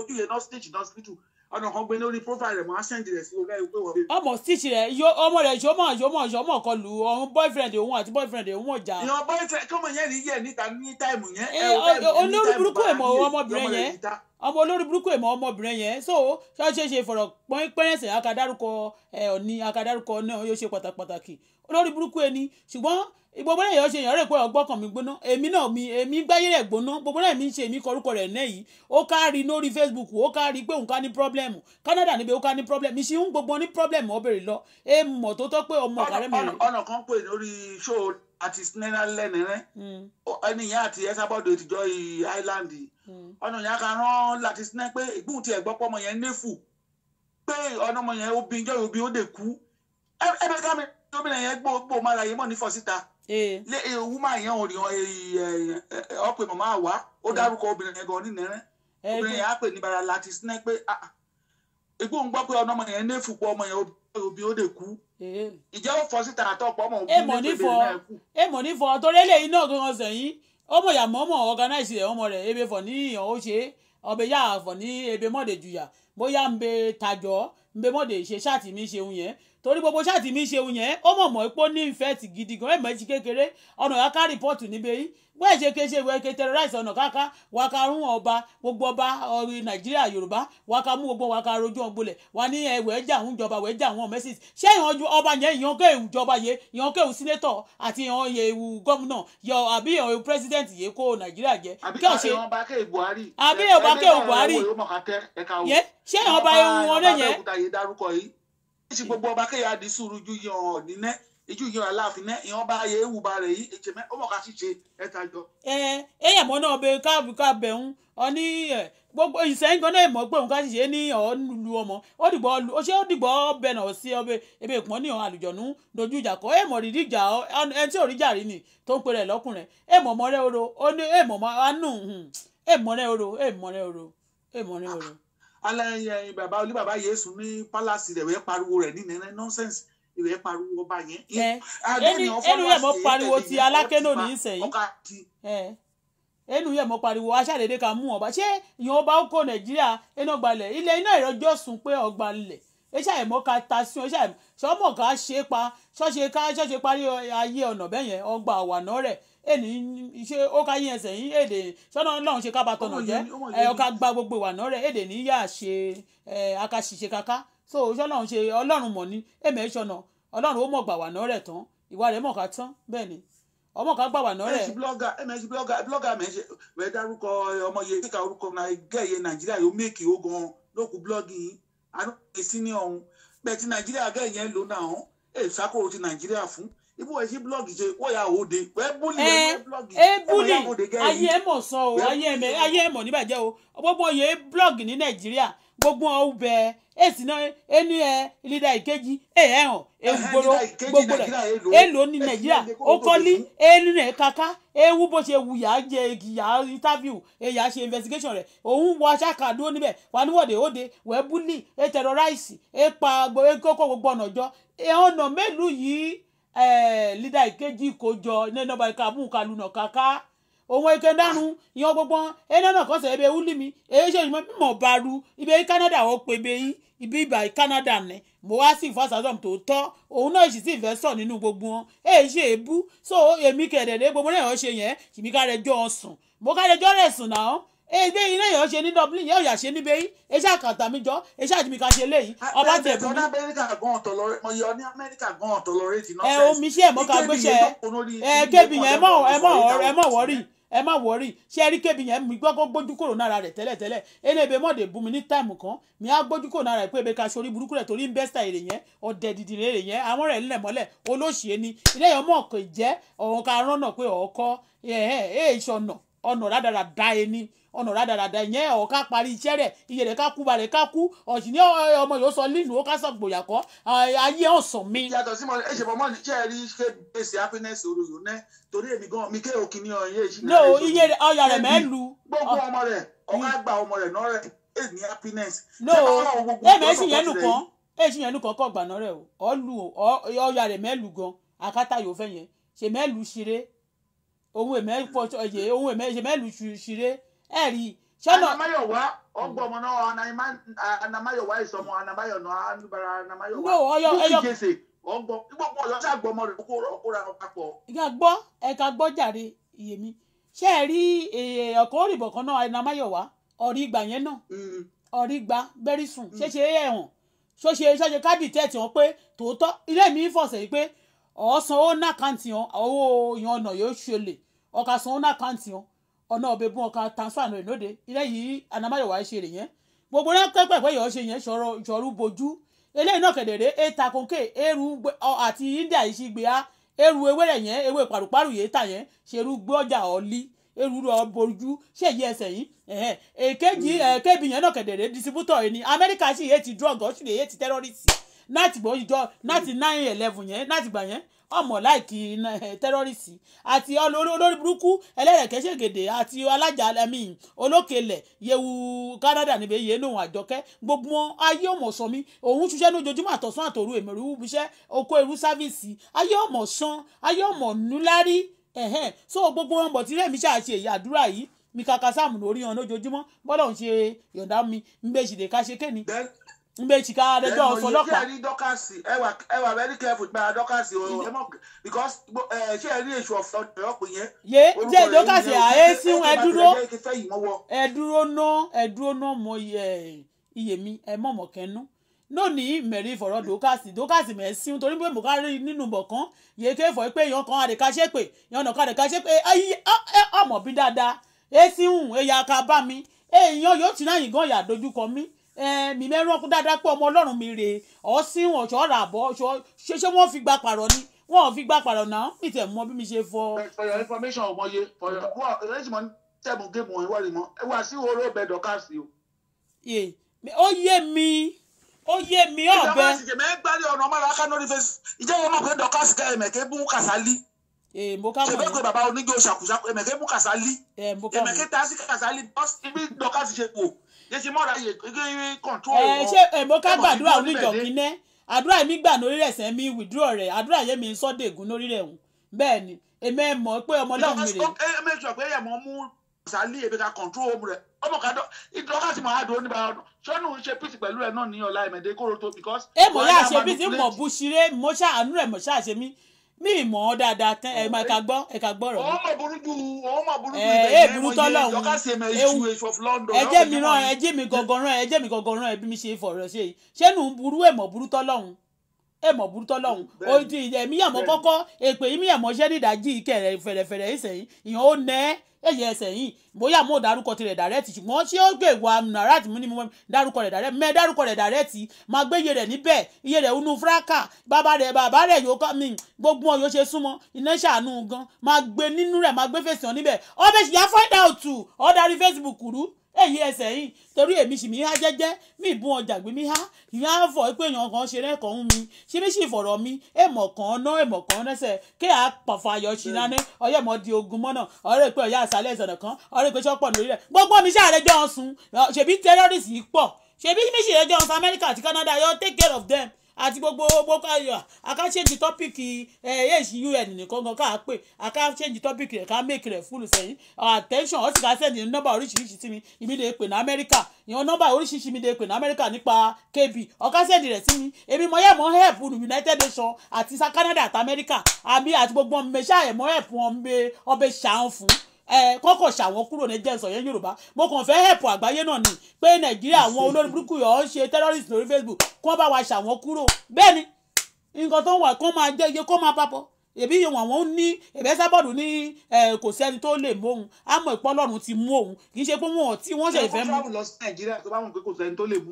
ojú yẹn náà stage náà síbítù ọ̀nà kan gbé lórí profile rẹ̀ mọ́ asẹ́ǹdì rẹ̀ sí orí ẹ̀ pé wọ́n. ọmọ stitch rẹ ọmọ rẹ yọmọ yọmọ yọmọ kan lu ọ̀hún boyfriend òun àti boyfriend òun ọjà. ìyàn boyfriend kọ́mọ yẹn rí yẹ níta ní táìmù yẹn. Eh, olórí burúkú èmọ̀ ọmọbìnrin yẹn ọmọ olórí burúkú èmọ̀ ọmọbìnrin yẹn so ṣọ́ọ́ṣeéṣe fọ̀rọ̀ pẹ́rẹ́sẹ̀ akadárúkọ ẹ̀ eh, ọ̀ní akadárúkọ náà yóò ṣe pàtàkì olórí burúkú ẹni ṣùgbọ́n gbogbo rẹ̀ yọ̀ ṣe èèyàn rẹ̀ pé ọgbọ́kàn mi gbóná èmi náà mi èmi gbáyé rẹ̀ gbóná gbogbo rẹ̀ mi ń ṣe èmi kọrúkọ rẹ̀ náà yìí ó kárí lórí Facebook ó kárí pé òun ká ní problem Canada níbi ó ká ní problem mi ṣe ń gbogbo ní problem ọbẹ̀rẹ̀ lọ ẹ mọ̀ tó tọ́ pé ọmọ ọ̀kàrẹ́ mi rè. ọ̀nà kan pè lórí show àti sinela lẹ́nu rẹ ẹni ìyá àti ẹsàbọ̀dọ̀ ìtìjọ́ Island hmm. ọ̀nà ìyá kan rán láti sinẹ́ pé ìgbóhùn tiẹ̀ gbọ́ pọ́mọ yẹn néfù pé ọ̀nà ọmọ yẹn obìnrin jọ́ obìnrin ó dè kú ẹ bẹ́ẹ̀ ká mi obìnrin yẹn gbó gbó mára yẹn mọ̀ ní fọ́ síta Eh. Eh, woman yẹn ò rí ọpẹ eh, màmá àwa ó dárúkọ obìnrin yẹn gan onínẹrẹ obìnrin yẹn á pè ní bara láti sinẹ pé igbó ah, ah. gbọ́ pé ọmọ yẹn ní èfùpọ ọmọ yẹn obi ó lè kú ìjẹ́ ó ọmọ òbí ní ìpèbèrè kú. torí eléyìí náà gan-an sẹ́yìn organize ọmọ rẹ̀ ebe fọ̀ ní ìyàn ó ṣe ọbẹ̀ yà fọ̀ ní ebe mbemọ́dé ṣe ṣáàtì mi ṣeun yẹn torí gbogbo ṣáàtì mi ṣeun yẹn ó mọ̀ mọ́ ipò ní ìfẹ́ tì gidi gan ẹ̀mọ́ ẹ̀jì kékeré ọ̀nà ìyá ká rìpọ́ọ̀tù níbẹ̀ yìí wọ́n ẹ̀ṣẹ̀ kéṣe ìwé eke terrorize ọ̀nà kaka wàá rún ọba gbogbo ọba ọ̀rì nàìjíríà yorùbá wàá mú gbogbo wàá rojú wọn gbolẹ̀ wà ní ẹ̀wẹ̀ ẹ̀jà ń jọba ẹ̀wẹ̀ ẹ̀jà wọn ṣé ọba yẹn Iyanke èwù jọba yẹ ìyànkó èwù sínétọ̀ àti ewu iju yin ala fi ne iyan ba ye ewu ba re yi eche me o mo ka si se eta jo eh eyan mo na be ka bu ka be un gbogbo ìsẹ́yìn gan náà mọ̀ pé òun ká ṣiṣẹ́ ní ọ̀ọ́nù lu ọmọ ó dìgbò ó ṣe ó dìgbò bẹ̀nà sí ọbẹ̀ ebi ìpọ́n ní àlùjọ̀nù dojú ìjà kọ́ èèmọ̀ rírí ìjà ẹni tí ò rí ìjà rí ni tó ń pèrè lọ́kùnrin èèmọ̀ mọ́rẹ́ oro ó ní èèmọ̀ anú èèmọ̀ rẹ́ oro èèmọ̀ rẹ́ oro èèmọ̀ rẹ́ oro. alẹ́ bàbá olú yéésù ní pálásì rẹ̀ wẹ́ pariwo rẹ̀ ní nẹ́nẹ́ nọ́nsẹ̀nsì ìrẹ pariwo ọba yẹn. ẹnu yẹn mo pariwo ti alákẹ́nò ní ìsẹ̀yìn ẹnu yẹn mo pariwo aṣàdédé ká mú ọba ṣé ìyẹn ọba ó kó nàìjíríà iná gbalẹ̀ ilẹ̀ iná ìrọjọ́ sùn pé ọgbà ńlẹ̀ eṣẹ́ àìmọ́ ká ta sí eṣẹ́ àìmọ́ ṣọ́mọ̀ ká ṣe é pa ṣọ́ṣe ká ṣọ́ṣe parí ayé ọ̀nà bẹ́ẹ̀ yẹn ọgbà àwàná rẹ̀ èní ṣé ó ká yín ẹsẹ̀ yín èdè ṣọ́nà ọlọ́run ṣe ká bá tọ̀nà jẹ́ ọ̀ká gba gbogbo ìwàná rẹ̀ èdè ní yà ṣe akáṣiṣe kaká so ọlọ́run ṣe ọlọ́run mọ̀ ní èmi ẹ̀ ṣọ̀nà ọlọ́run ó mọ̀ gbà wà náà rẹ̀ tán ìwà rẹ̀ mọ̀ ká tán bẹ́ẹ̀ ni ọmọ kan gbà wà náà rẹ̀. ms blogger blogger mẹ́sẹ̀ rẹ̀ dárúkọ ọmọ yẹn kíkà orúkọ gẹ̀yẹ nàìjíríà yóò méèkì ó gan lókù blọ́ọ̀gì àrùn ìsíní ọ̀hún bẹ́ẹ̀ ti nàìjíríà gẹ̀yẹ lò náà ẹ̀ sákòrò ti nàìjíríà fún ibo ẹ blog blọọgì ṣe wọ́n yà òde wẹ́ búlì eh, eh, ẹ blọọgì ẹ búlì ayé ẹ mọ̀ sọ o ayé ẹ mọ̀ níbàjẹ́ o gbogbo oyè blọọgì ni nàìjíríà gbogbo ọbẹ̀ èsì náà ẹni ẹ lídà ìkejì ẹ ẹ hàn ewúgboro gbogbo rẹ èlò ní nàìjíríà ó kọ́lí ẹni rẹ kaka ewu bó ṣe wù yá jẹ ìyá interview ẹ̀yà ṣe investigation rẹ òun wọ aṣáka dúró níbẹ̀ wà níwọ̀de òde wẹ́ẹ́ búlì ẹ tẹ̀rọ ráìsì ẹ pa gbogbo kókó gbogbo ọ̀nà jọ ẹ̀ ọ̀nà mélòó yìí Eh, lídà ìkejì ìkójọ nínú ọba ìka abúkà lùnà kàkà òun eke dánu ìyẹn gbogbo ẹni náà kọsẹ̀ ebe wúlì mi èyí ṣe ìmọ̀ mímọ̀ bá ru ibi Canada wọ́n pe ibi yìí ibi ìbà Canada nẹ mo wá sí ìfọ̀sàdọ̀m tó tọ́ òun náà sì sí ìfẹ́ sọ̀ nínú gbogbo wọn èyí ṣe èébú so èmi kẹ̀dẹ̀dẹ̀ gbogbo náà ṣe yẹn kìmíkà rẹ̀ jọ ọ̀sùn mo ká rẹ̀ jọ́ rẹ̀ sùn náà èdè eh, iná yóò ṣe ní dublin yóò yà ṣe níbẹ̀ yìí eṣẹ́ àkàtà mi jọ eṣẹ́ àjùmíkà ṣe léyìí ọba tẹ̀ fún mi. ọ̀dọ́ amẹ́ríkà gan ọ̀tọ̀ lọ mo yọ ní amẹ́ríkà gan ọ̀tọ̀ lọ rẹ́ẹ̀tì náà. ẹ omi ṣe ẹ̀mọ́ ká gbéṣẹ́ ẹ kébì yẹn ẹ mọ̀ wọ́rì ẹ má wọrí ṣé ẹ rí kébi yẹn mi gbọ́ kó gbójú kúrò nára rẹ̀ tẹ́lẹ̀tẹ́lẹ̀ elébe mọ̀dé bú mi ní táìmù kan mi á gbójú kúrò nára rẹ̀ pé ebe ká sori burúkú rẹ̀ torí ń bẹ́sítà èrè yẹn ọ̀dẹ̀ dìdì èrè yẹn àwọn rẹ̀ ńlẹ̀ mọ́lẹ̀ olóṣìṣẹ́ ni ilé yẹn mọ̀ kò ọ̀hún ká rán náà pé ọ̀ọ́kọ́ ẹ̀ ẹ̀ ẹ̀ ìṣọ̀nà ọ̀nà rádaràda ẹni ọ̀nà rádaràda ìyẹn ọ̀ ká parí iṣẹ́ rẹ̀ iye rẹ̀ ká kú balẹ̀ ká kú ọ̀sìn ní ọmọ yóò sọ lílù ó ká sọ gbòyà kọ́ ayé ọ̀sán mi. yàtọ̀ sí mọ́ni ẹ̀ṣẹ̀ mọ́ni ṣe é rí ṣe gbèsè happiness oru yòó torí èmi gan mi ké òkì ní ọ̀yẹ́ ìṣúná. no iye ọyà rẹ̀ mẹ́lu. gbogbo ọmọ rẹ̀ ọ̀gá mm. gba ọmọ rẹ̀ náà rẹ̀ ní happiness. no ẹ̀mẹ́sì ẹ rí i sọ́nà. anamáyọ̀wá ọgbọ́n ọmọ náà anamáyọ̀wá ìsọmọ anamáyọ̀nà anubara anamáyọ̀wá lókè jèsè ọgbọ́n gbogbo ọ̀yọ́ ṣàgbọ́n ọmọ rẹ̀ kó ra papọ̀. ìgbà gbọ́ ẹ̀ka gbọ́ jàre iye mi ṣé ẹ rí e, ọ̀kan òrìbọ̀ kan náà anamáyọ̀wá ọ̀rí ìgbà yẹn náà mm-hmm. ọ̀rí ìgbà bẹ́rí sùn ṣéṣe ẹ̀wọ̀n ṣóṣe ṣóṣe káàdì tẹ́ẹ̀tì wọn pé tòótọ́ ilé mi ń fọ̀sẹ̀ yìí pé ọ̀ọ́sán ó ná àkáǹtì wọn owó ìyọ̀nà yóò ṣe lè ọ̀kà san ó ná àkáǹtì wọn ọ̀nà ọ̀bẹ bún ọkàn transfer rẹ̀ lóde ilé yìí anamáyọ̀wá ṣe rè yẹn gbogbo rẹ̀ pẹ́pẹ́pẹ́ yọ̀ ṣe yẹn ṣọ̀rọ̀ ìṣọ̀rú bojú eléyìí náà kẹ̀dẹ̀rẹ́ ètà kòkè eru àti india yìí ṣì gbé a eru ewérẹ̀ yẹn ewé paruparu yìí tà yẹn ṣerú gbọ́jà ọ̀lí eru rọ̀ bojú ṣèyí ẹsẹ̀ yìí èkejì èkébì hmm. yẹn náà kẹ̀dẹ̀rẹ́ distributor yìí ni amẹ́ríkà sì yé ti drug ọ̀ṣun yé ti terrorist láti gbọ́ ìjọ láti nine eleven yẹn láti gbà yẹn ọmọ láìkí eh, tẹ́rọ́rìsì àti olórí burúkú ẹlẹ́rẹ̀kẹ́ ṣègèdè àti alájàlámì olókèlẹ̀ yewu Canada níbi èyí ẹnu àjọkẹ́ gbogbo ayé ọmọ sọ mi òun ṣiṣẹ́ lójoojúmọ́ àtọ̀sán àtòru èmọ̀rú ibiṣẹ́ oko ẹrú sáfíìsì ayé ọmọ san ayé ọmọ núlárí so gbogbo wọn bọ̀ tí rẹ̀mí ṣàṣe ìyá àdúrà yìí mi kàkà sáàmù lórí hàn lójoojúmọ́ bọ́lá òun ṣe yọ̀ǹda mi ń gbé ìṣìlẹ̀ ká ṣe kéènì mbechi ka adẹjọ ọsọ ọlọ́pàá. ẹ dọkasi ẹ wà ẹ wà very careful gba dọkasi o ẹ mọ because ṣé ẹ rí èso ọ̀fọ̀ ọ̀pọ̀ yẹn. yé jẹ́ dọkasi àyè síhun ẹ dúró ẹ dúró ná ẹ dúró ná mọ iye mi ẹ mọ̀ mọ̀ kẹ́nu lónìí mẹ̀rí ìfọ̀rọ̀ dókàsì dókàsì mẹ̀ sí torí pé mo ká rí nínú bọ̀kan yẹ kí ẹ̀fọ́ pé èèyàn kan àdèkàṣẹ́ pé èèyàn kan àdèkàṣẹ́ pé ọmọ bí dáadáa èsì hùn èyà mi Eh, mi mẹ́rán dáadáa pé ọmọ ọlọ́run mi rèé ọ̀sìn ọ̀ṣọ́ rà bọ́ ọ̀ṣọ́ ṣe ṣé wọ́n fi gba pààrọ̀ ni wọ́n fi gba pààrọ̀ náà mi tẹ̀ mọ bí mi ṣe fọ. Eh, for your information ọmọ ye for your wọ ẹlẹ́sìn mọ́ géèmù ìwádìí mọ́ ẹ wá sí oró bẹ dọ́kàsì o. ó yé mi ó yé mi ọ̀bẹ. ìjọba ìsìnkè mẹ́gbàdì ọ̀nà ọmọ Eh, emeke baba onige osakusako emeke mu kasali eh, emeke tasi kasali ibi dọka ti ṣe po yẹsi mọra iye kekere control. ẹ ṣe èmọká gbàdúrà oníjọ kínẹ àdúrà mi gbà lórí rẹ̀ sẹ mi withdraw rẹ̀ àdúrà yẹn mi ń sọ dègún lórí rẹ̀ hùn bẹ́ẹ̀ ni èmi ẹ mọ̀ pé ọmọ náà mi rè. ẹ mẹ sọ pé ẹ mọ mú sàlì èmi ka control home rẹ̀ ọmọ kàdọ ìdọkà tí mo á dùn níbàrà ọdún sọnù ń ṣe pìtì pẹ̀lú ẹ náà ní ọlá ẹmẹdẹ kóró tó because. ẹ mọ̀ yá ṣe bí ti mọ̀ bú ṣeré mọ̀ ṣáà àánú rẹ̀ mọ̀ ṣáà ṣe mí mi mọ̀ ọ́ dáadáa tán ẹ máa ka gbọ́ ẹ ka gbọ́rọ̀. wọ́n mọ̀ burúkú wọ́n mọ̀ burúkú ibẹ̀ yẹn mo yẹ yọká sí ẹ̀mẹ̀ iṣu iṣu of London. ẹ mi rán ẹ mi gangan rán mi gangan rán ẹ bí mi ṣe fọ̀rọ̀ ṣe yìí ṣé nù ń burú ẹ̀mọ̀ burú tọ́lọ́hún ẹ̀mọ̀ burú tọ́lọ́hún èmi yàmọ́ kọ́kọ́ èpè yìí mi yàmọ́ ṣẹ́ nídàájí kẹ̀rẹ̀ fẹ̀rẹ̀fẹ̀rẹ̀ ìsẹ̀yìn ìyàn ó nẹ́ èyí ẹsẹ̀ yìí bóyá mo dárúkọ tirẹ̀ dàrẹ́tì ṣùgbọ́n tí ó gbé ìwà nàrà tí mo ní mo dárúkọ rẹ̀ dàrẹ́tì mẹ́ dárúkọ rẹ̀ dàrẹ́tì máa gbé iye rẹ̀ níbẹ̀ iye rẹ̀ unú fúráká bàbá rẹ̀ bàbá rẹ̀ yóò kọ́ mi gbogbo wọn yóò ṣe súnmọ́ iná ṣàánú gan máa gbé nínú rẹ̀ máa gbé fèsì hàn níbẹ̀ ọ ṣìyá find out ọ darí Facebook rú ẹ̀yìn ẹsẹ̀ yìí torí èmi sì mí há jẹ́jẹ́ mí ìbú ọjà gbé mí há ìyá fọ pé èèyàn kan ṣe rẹ́kọ̀ọ́ ń mi ṣé mi sì fọ̀rọ̀ mi èèmọ̀ kan ná èèmọ̀ kan lẹ́sẹ̀ kí a pàfà ayọ̀ sí lánà ọyẹ́ mọ́ di ogun mọ́nà ọ̀rẹ́ pé ọ̀yá àṣálẹ̀ ìsọ̀nà kan ọ̀rẹ́ pé ṣọ́pọ̀ lórí rẹ̀ gbogbo mi ṣàrẹ́ jọ sun ṣèbí terrorist yìí pọ̀ ṣèbí mi sì rẹ́jọ́ sun Amẹ́ríkà àti Canada yóò take care of them àti gbogbo gbogbo àká ṣèǹjì tọ́pìkì un nìkan kan káà pé àká change tọ́pìkì rẹ̀ ká make rẹ̀ full sẹ́yìn attention ọ̀sìn ká sẹ́ǹdì nọ́mbà oríṣiríṣi sí mi ìmí lè pè ní amẹ́ríkà ìyẹn nọ́mbà oríṣiríṣi mi lè pè ní amẹ́ríkà nípa kb ọ̀ká sẹ́ǹdì rẹ̀ sí mi èmi mọ yẹ́ mọ́ help united nations àti canada àti amẹ́ríkà àbí àti gbogbo ọmọ mẹ́ṣáà yẹ̀ mọ́ help ọmọ ọbẹ̀ ṣàǹfù Eh, kọ́kọ̀ ṣàwọ́ kúrò ní jẹ́ sọ̀yẹ́ yorùbá mo kàn fẹ́ help àgbáyé náà ni pé nàìjíríà àwọn olórí burúkú yọ̀ ọ́ ṣe terrorist lórí facebook kó bá wa ṣàwọ́ kúrò bẹ́ẹ̀ ni nǹkan tó ń wà kó máa jẹ́ iye kó máa papọ̀ èbí yẹn wọn àwọn ní ẹ̀bẹ́ sábọ̀dù ní eh, kò sẹ́ni tó lè mú òun àmọ́ ìpọ́ ọlọ́run ti mú òun kì í ṣe pé wọn tí wọ́n ṣe ìfẹ́ mú.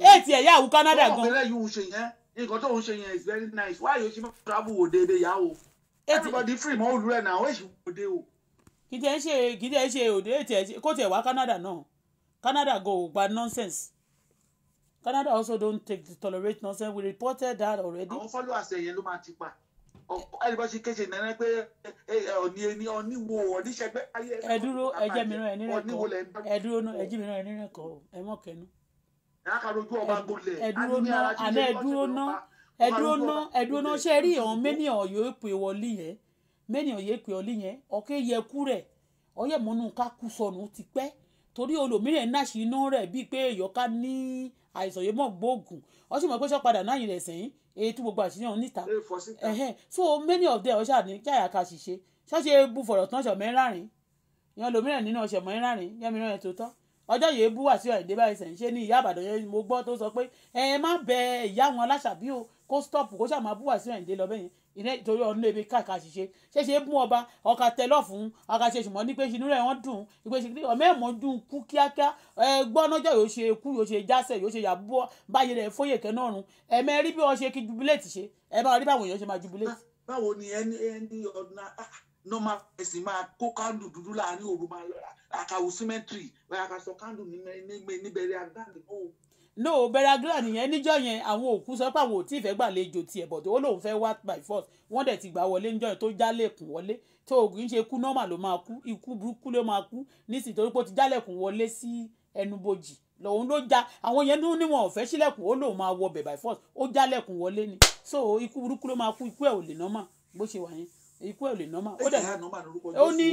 ẹ eh, ti ẹ̀yà àwù Canada gan. nǹkan tó ń ṣe yẹn is very nice why you ṣe máa travel òde èdè yà o everybody free mọ́ òlú rẹ̀ náà ó èṣù òde o kì í tẹ́ ṣe kì í ṣe òde tẹ́ ṣe kó tẹ̀ wá Canada náà Canada go gba nonsense Canada also don't take to tolerate nonsense we reported that already. àwọn followers ẹ̀yẹ ló máa ti pa ẹnìkan ṣe kéṣe nẹ́nẹ́ pé ọ̀ní ẹni ọ̀níwó ọ̀níṣẹ́gbẹ́ ayé ẹ̀ ẹ dúró ẹjẹ́ mìíràn ẹni rẹ̀ kọ́ ẹ dúró náà ẹjẹ́ mìíràn ẹni rẹ̀ kọ́ ẹ mọ̀ kẹnu. ẹ dúró náà àná ẹ dúró náà ẹ dúró náà ẹ dúró náà ṣe rí ọ̀hún mẹ́ni ọ̀yọ́ èpò ìwọlé yẹn mẹ́nìyàn yẹ pé ọlí yẹn ọ̀kẹ́ yẹ kú rẹ̀ ọyẹ mọ́nú ká kú sọnù ti pẹ́ torí olòmíràn náà ṣì iná rẹ̀ bíi pé èèyàn ká ní àìsàn yìí mọ̀ gbóògùn ọ sì mọ̀ pé sọ́padà náà yìí sẹ́yìn èyí tí gbogbo àṣìyàn níta so many of them ọ̀ṣà ní jáyà ká ṣiṣẹ́ ṣáṣe bu fọ̀rọ̀ tán ṣọ̀ mẹ́rànrin yan lòmíràn nínú ọṣẹ̀ mẹ́rànrin yan mìíràn yẹn tó tọ́ ọjọ́ yìí bú Wàsíù Àyìndé báyìí sẹ̀ ń ṣe ní ìyá Ìbàdàn yẹn mo gbọ́ tó sọ pé ẹ má bẹ ìyá wọn aláṣàbí o kó stop kó ṣàmà bú Wàsíù Àyìndé lọ bẹ́yẹn ìtorí ọdún ebi káàkà ṣiṣẹ́ ṣẹṣẹ bú ọba ọkà tẹlọ fún ọkà ṣe ṣùgbọ́n ní pé ṣinú rẹ̀ wọ́n dùn ìpè ṣe ọmọ ẹ̀mọ́ dùn kú kíákíá ẹ gbọ́nọ́jọ́ yóò ṣe kú yóò ṣe jásẹ̀ yóò ṣe yàbúbọ́ báyìí rẹ̀ fóyè kẹ́ náà run ẹ̀mẹ́ rí bí wọ́n ṣe kí jubilate ṣe ẹ bá rí báwọn èèyàn ṣe máa jubilate. Ah, báwo ni ẹni ẹni ọ̀nà ah, normal person máa kó kándù dúdú láàrin òru máa lọ àkàwò cemetery kándù níbẹ̀rẹ̀ àgbàdo no beragla nìyẹn níjọ́ yẹn àwọn òkú sọ pé àwọn ò tí ì fẹ́ gbàlejò tiẹ̀ But tó lóun fẹ́ wá by force wọ́n dẹ̀ ti gbà wọlé níjọ́ yẹn tó jálẹ̀kùn wọlé tó òkú ń ṣe kú normal. ló máa kú ikú burúkú ló máa kú nísìnyí torí pé ó ti jálẹ̀kùn wọlé sí ẹnubojì lòun ló já àwọn yẹn ní wọn ò fẹ́ sílẹ̀kùn ó lóun máa wọ by force ó jálẹ̀kùn wọlé ni so ikú burúkú ló máa kú ikú ẹ̀ ò ikú ẹ̀ lè nọ́mà ó dẹ̀ ó ní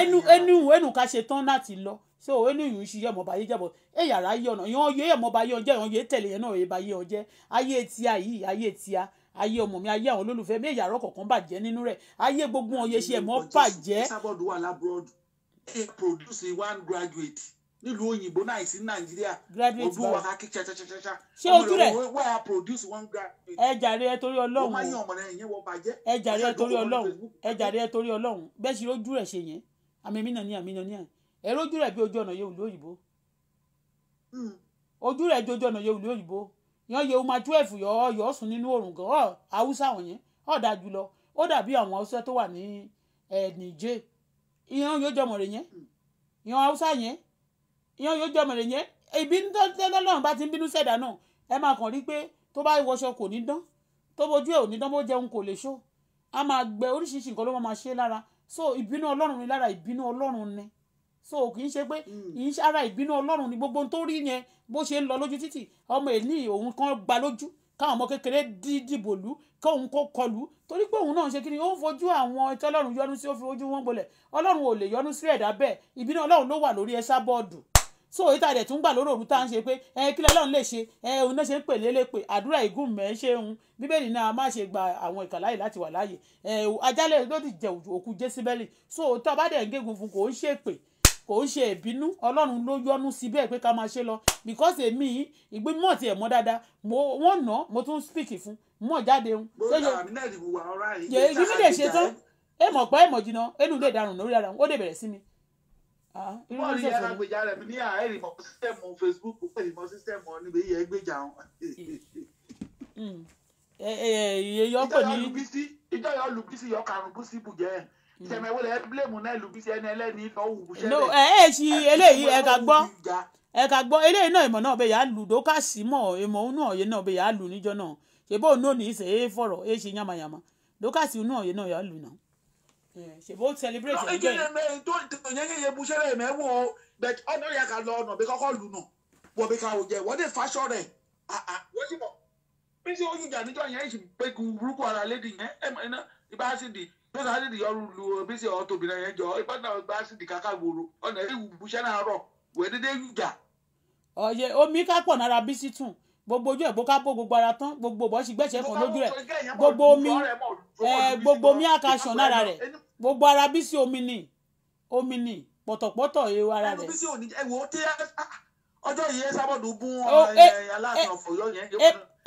ẹnu ẹnu ẹnu ká ṣe tán láti lọ so eléyìí ṣe yẹmọ báyé jẹbọ eyàrá yẹ ọ̀nà yẹn yẹ yẹmọ báyé ọjẹ yẹn yẹ tẹ̀lé yẹn náà yẹ báyé ọjẹ ayé tíya yìí ayé tíya ayé ọmọ mi ayé àwọn olólùfẹ́ mi eyàrá kọ̀ọ̀kan bàjẹ́ nínú rẹ̀ ayé gbogbo wọn ṣe ẹ̀mọ́ bàjẹ́. sábọ̀dù wà lábúròdù ẹ produce one graduate nílùú òyìnbó náà sí nàìjíríà ojú wa kí ṣàṣàṣàṣà ṣé ojú rẹ wà á produce one graduate. ẹ jàre ẹ torí ọlọ́run ẹ jàre ẹ torí ọlọ́run ẹ jàre ẹ torí ọlọ́run bẹ́ẹ̀ ṣe ojú rẹ̀ ṣe yẹn àmì mí nàníyàn mí nàníyàn ẹ lójú rẹ̀ bí ojú ọ̀nà yẹ òlú òyìnbó hmm. ojú rẹ̀ jojú ọ̀nà yẹ òlú òyìnbó yan yẹ ọmọ twelve yọ ọyọ sùn nínú oòrùn gan ọ haúsá wọ̀nyẹn ọ̀ dà jùlọ ó dàbí àwọn haúsá tó wà ní ẹ̀ nìjẹ́ ìyan yóò jọmọ̀ rẹ̀ yẹn hmm. ìyan haúsá yẹn ìyan yóò jọmọ̀ rẹ̀ yẹn ìbínú tó tẹ́lẹ̀ náà bá ti ń bínú sẹ̀dá náà ẹ máa kàn rí pé tó bá wọṣọ kò ní dán tó bójú ẹ̀ ò ní dán bó jẹun kò lè ṣó a máa gbẹ oríṣiríṣi nǹkan ló máa ṣe lára so ìbínú ọlọ́run ni lára ìbínú ọlọ́run ni so kì í ṣe pé hmm. kì í ṣe ara ìbínú ọlọ́run ni gbogbo tó rí yẹn bó ṣe ń lọ lójú títì ọmọ èlì òun kan gba lójú káwọn ọmọ kékeré dìbò lù kóun kó kọlù torí pé òun náà ṣe kíni ó ń fojú àwọn ẹtọ́ ọlọ́run yọ́nú sí ó fi ojú wọn gbolẹ̀ ọlọ́run ò lè yọ́nú sí ẹ̀dá bẹ́ẹ̀ ìbínú ọlọ́run ló wà lórí ẹṣá bọ́ọ̀dù so èyí tàdé tún gbà lórí òru tá à ń ṣe pé ẹ kí lọ́lọ́run lè ṣe ẹ òun náà ṣe ń pè lélẹ̀ pé àdúrà ìgùn mẹ́ ṣe ń bíbélì náà má ṣe gba àwọn ìkà láyè láti wà láàyè ẹ ajálẹ̀ ló ti jẹ òkú jésìbẹ́lì so tá a bá dẹ̀ ń gégùn fún kò ń ṣèpè kò ń ṣe ìbínú ọlọ́run ló yọ́nú sí bẹ́ẹ̀ pé ká máa ṣe lọ because èmi ìgbìmọ̀ tiẹ̀ mọ́ dáadáa mo wọ́n nà mo tún speak fún mọ̀ jáde ń. bóyá àmì náà ti wà ọ̀rá yìí. yèyí mi lè ṣe tán ẹ mọ̀ pé ẹ mọ̀ jìnnà ẹnu lè darùn lórí ara ó lè bẹ̀rẹ̀ sí mi. wọ́n rí yàrá gbèjà rẹ̀ ní àárín mọ̀ sísẹ́mù Facebook pẹ̀lú mọ̀ sísẹ́mù níbi ìyẹn gbèjà wọn. ìyẹyọ hmm. pè ní. ìjọyọ̀ lùbísí ìjọyọ̀ lùbísí yọ karùn-ún bùsí bùjẹ́ sẹmẹwẹlẹ mm. blame náà lu bíi ẹni ẹlẹni lọ wù bú sẹlẹ. ẹ ẹ ṣi eléyìí ẹ ká gbọ́ ẹ ká gbọ́ eléyìí náà ìmọ̀ náà bẹ̀ yà á lù dókà sí mọ̀ ìmọ̀ òun náà yẹn náà bẹ̀ yà á lù níjọ́ náà ṣèbó òun náà nìyí ṣe é fọ̀rọ̀ é ṣe yamayama dókà sí òun náà yẹn náà yà á lù náà ṣèbó celebrate ẹ̀ jẹ́ ẹ̀. tó yẹn yẹ bú sẹ́lẹ̀ mẹ́wọ́ ọ̀nà yà ká lọ ọ̀nà bí kọ́kọ́ lù náà wọ́n bí ká ò jẹ́ wọ́n dé fàṣọ rẹ̀ wọ́n sì mọ̀ bí ṣe ó yìí jà níjọ́ yẹn ìṣ bó sáà sídìí ọrùn lu bísí ọtọ obìnrin yẹn jọ ipá náà gba sídìí káká gbòòrò ọ̀nà ìwù buṣẹ́ náà rọ̀ wẹ̀ dédé yùjà. ọ̀yẹ̀ omi kápọ̀ nára bísí tún gbogbo ojú ẹ̀ bó ká bó gbogbo ara tán gbogbo bọ́ sí gbẹ̀ṣẹ̀ kan lójú rẹ̀ gbogbo omi gbogbo omi àkàṣàn lára rẹ̀ gbogbo ara bísí omi ni omi ni pọ̀tọ̀pọ̀tọ̀ ewu ara rẹ̀. Ah, ọjọ́ yìí sábọ̀dù bún aláàfin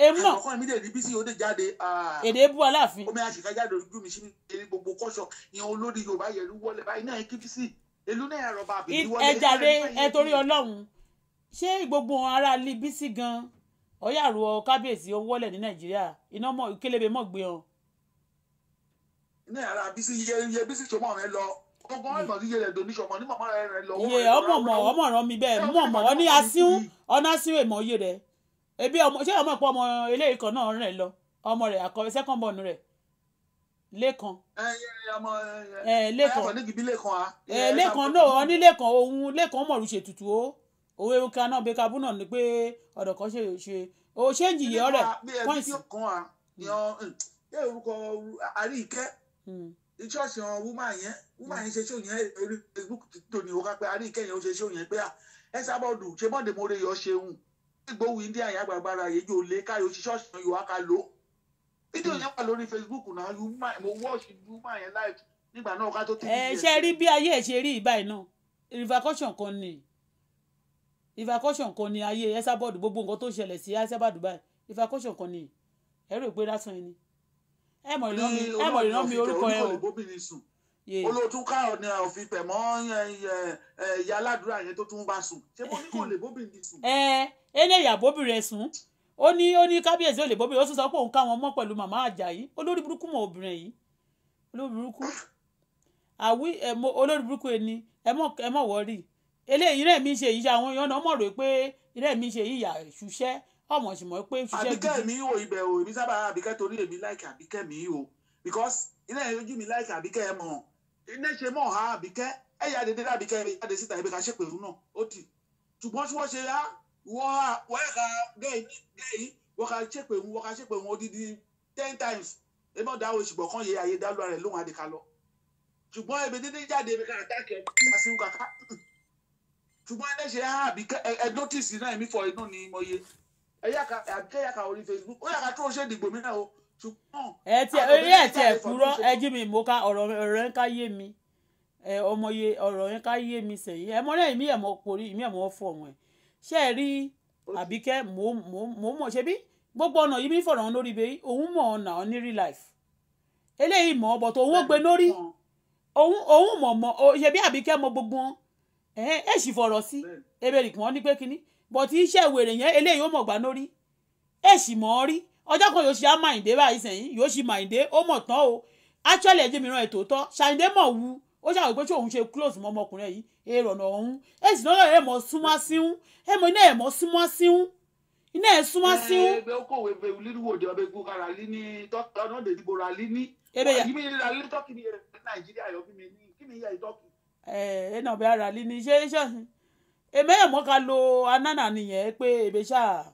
èmọ àkọ́kọ́ mi lè rí bí sí òde jáde. Ah. èdè bú aláàfin. omi àṣìká jáde ojú mi sí ní gbogbo kọ́sọ̀ ìyẹn olórí yorùbá yẹn wọlé báyìí náà kí sí èlú náà rọba àbí wọlé. ẹ jàre ẹ torí ọlọ́run ṣé gbogbo ara Líbísí gan ọ̀yàrú kábíyèsí ó wọlé ní nàìjíríà iná mọ̀ kélébé mọ̀ gbé hàn. iná ara bísí yẹ yẹ bísí tó mọ̀ rẹ lọ ọgbọ́n ọ̀nà yíyẹ rẹ̀ dòní ṣọmọ ní màmá rẹ̀ lọ. iye ọmọ ọmọ ọmọ ràn mí bẹ́ẹ̀ mọ̀ mọ̀ ọ ní asíún ọ ní asíún èmọ̀ yé rẹ̀ ebi ọmọ ṣé ọmọ ìpọ ọmọ eléyìí kan náà rìn lọ ọmọ rẹ̀ àkọ́bí second born rẹ̀ lẹ́kan. lẹ́kan lẹ́kan náà ní lẹ́kan òun lẹ́kan mọ̀rù ṣètùtù o òwe òkè aná bẹ kabú náà ni pé ọ̀dọ̀ kan ṣe ṣe o hm, ṣé ń jìyẹ ọ̀rẹ́ pọ́ǹsì. yẹ orúkọ àríkẹ́ hmm. ṣọ́ọ̀ṣì wọn wúmà yẹn wúmà yẹn ṣe ṣó yẹn orí facebook tó ní o ká pé àríkẹ́ yẹn ó ṣe ṣó yẹn pé ẹ sábà ọdún ṣe mọ́ọ̀dé mo rè yọ ṣeun gbowó india yẹn agbàgbára yẹn yóò lé káyọ̀ ṣí ṣọ́ọ̀ṣì náà yóò wá ká lò ó fídíò hmm. yẹn wà lórí facebook náà mo wọ́ọ̀ṣì yuma yẹn live nígbà náà ká tó tẹ̀lé yẹn. ẹ ṣe rí bí ayé ẹ ṣe rí ìbáyìí náà revacation kan ni revacation kan ni ayé ẹsàbọ̀dù gbogbo nǹkan tó ṣẹlẹ̀ sí ẹsàbọ̀dù báyìí revacation kan ni ẹ rò pé lásán yẹn ni ẹ mọ̀ ìrànmi orúkọ ẹ o olóòtú káwọn ni òfin pẹ̀ mọ́ ìyá aládùúrà yẹn tó tún bá sùn ṣé mo ní kò lè bóbìnrin sùn. ẹ ẹ eléyà bóbìnrin sùn ó ní ó ní kábíyèsí ò lè bóbìnrin ó tún sọ pé òun káwọn mọ́ pẹ̀lú màmá Àjàyí olórí burúkú mọ obìnrin yìí olórí burúkú àwí ẹmọ olórí burúkú ẹni ẹmọ ẹmọ wọrí eléyìí rẹ mi ṣe yíyá àwọn èèyàn náà mọ̀ rò pé rẹ mi ṣe yíyá ṣuṣẹ́ ọmọ sì mọ̀ pé ṣuṣẹ́ gidi. àbíkẹ́ mi ò ibẹ̀ o èmi sábà àbíkẹ́ torí èmi láìkẹ́ àbíkẹ́ mi ò because ilé ẹ̀yọ́jú mi láìkẹ́ àbíkẹ́ ẹ̀ mọ̀ iná ṣe mọ̀ ha àbíkẹ́ ẹ̀yà dédé dàbíkẹ́ rẹ̀ jáde síta ibi ká ṣe pẹ̀lú náà ó ti ṣùgbọ́n tí wọ́n ṣe ya wọ́n ha wọ́n ẹ̀ka gẹ́yì wọ́n ká ṣe pẹ̀lú wọ́n ká ṣe pẹ̀lú odidi ten times ebi ọ̀dà àwọn òṣìgbọ̀ kan yẹ ayé dá lóra rẹ̀ lóhun adìka lọ ṣùgbọ́n ebi dédé jáde ibi ká àtàkẹ́ àṣìwò kàkà ṣùgbọ́n iná ṣe ha àbíkẹ́ ẹ notice náà èmi fọ inú ni mo yẹ ẹ̀yà ká orí Facebook ó yà ká tó ṣe dìgbò mí náà o ṣùgbọ́n. ẹ ti orí ẹ ti ẹ kúrọ ẹ jí mi mo ka ọ̀rọ̀ ọ̀rọ̀ ń ká yé mi ọmọ yẹ ọ̀rọ̀ yẹn ká yé mi sẹ́yìn ẹ mọ náà èmi ẹ mọ porí èmi ẹ mọ fọ ọmọ ẹ ṣe é rí àbíkẹ́ mò ń mọ̀ ṣe gbogbo ọ̀nà yìí mi fọ̀rọ̀ wọn lórí ibi òun mọ̀ ọ̀nà ọ̀ ní real life eléyìí mọ̀ ọ́ bọ̀tọ̀ òun ó gbé lórí òun òun mọ̀ mọ̀ ṣe bí àbíkẹ́ mọ gbogbo wọn ẹ sì fọ̀rọ̀ sí ebèrè kí wọ́n ní pé kínní bọ̀tí iṣẹ́ ìwèrè yẹn eléyìí ó mọ̀ gbà lórí ẹ sì mọ̀ ọ́ rí ọjọ́ kan yóò ṣe àmàyìndé báyìí sẹ́yìn yóò ṣe màyìndé ó mọ̀ tán o actually ẹ̀jẹ̀ mìíràn ẹ̀ tòótọ́ ṣàyìndé mọ̀ wu ó ṣàwọ̀ pé ṣòun ṣe close mọ́ ọmọkùnrin yìí èrò ọ̀nà ọ̀hún ẹ̀ náà ẹ̀ mọ̀ súnmọ́ iná ẹ̀ ebe gbogbo ara ní ọdún òde ìdìbò ra ní. ebe ni ìyá ẹ ẹ náà bẹ ara ní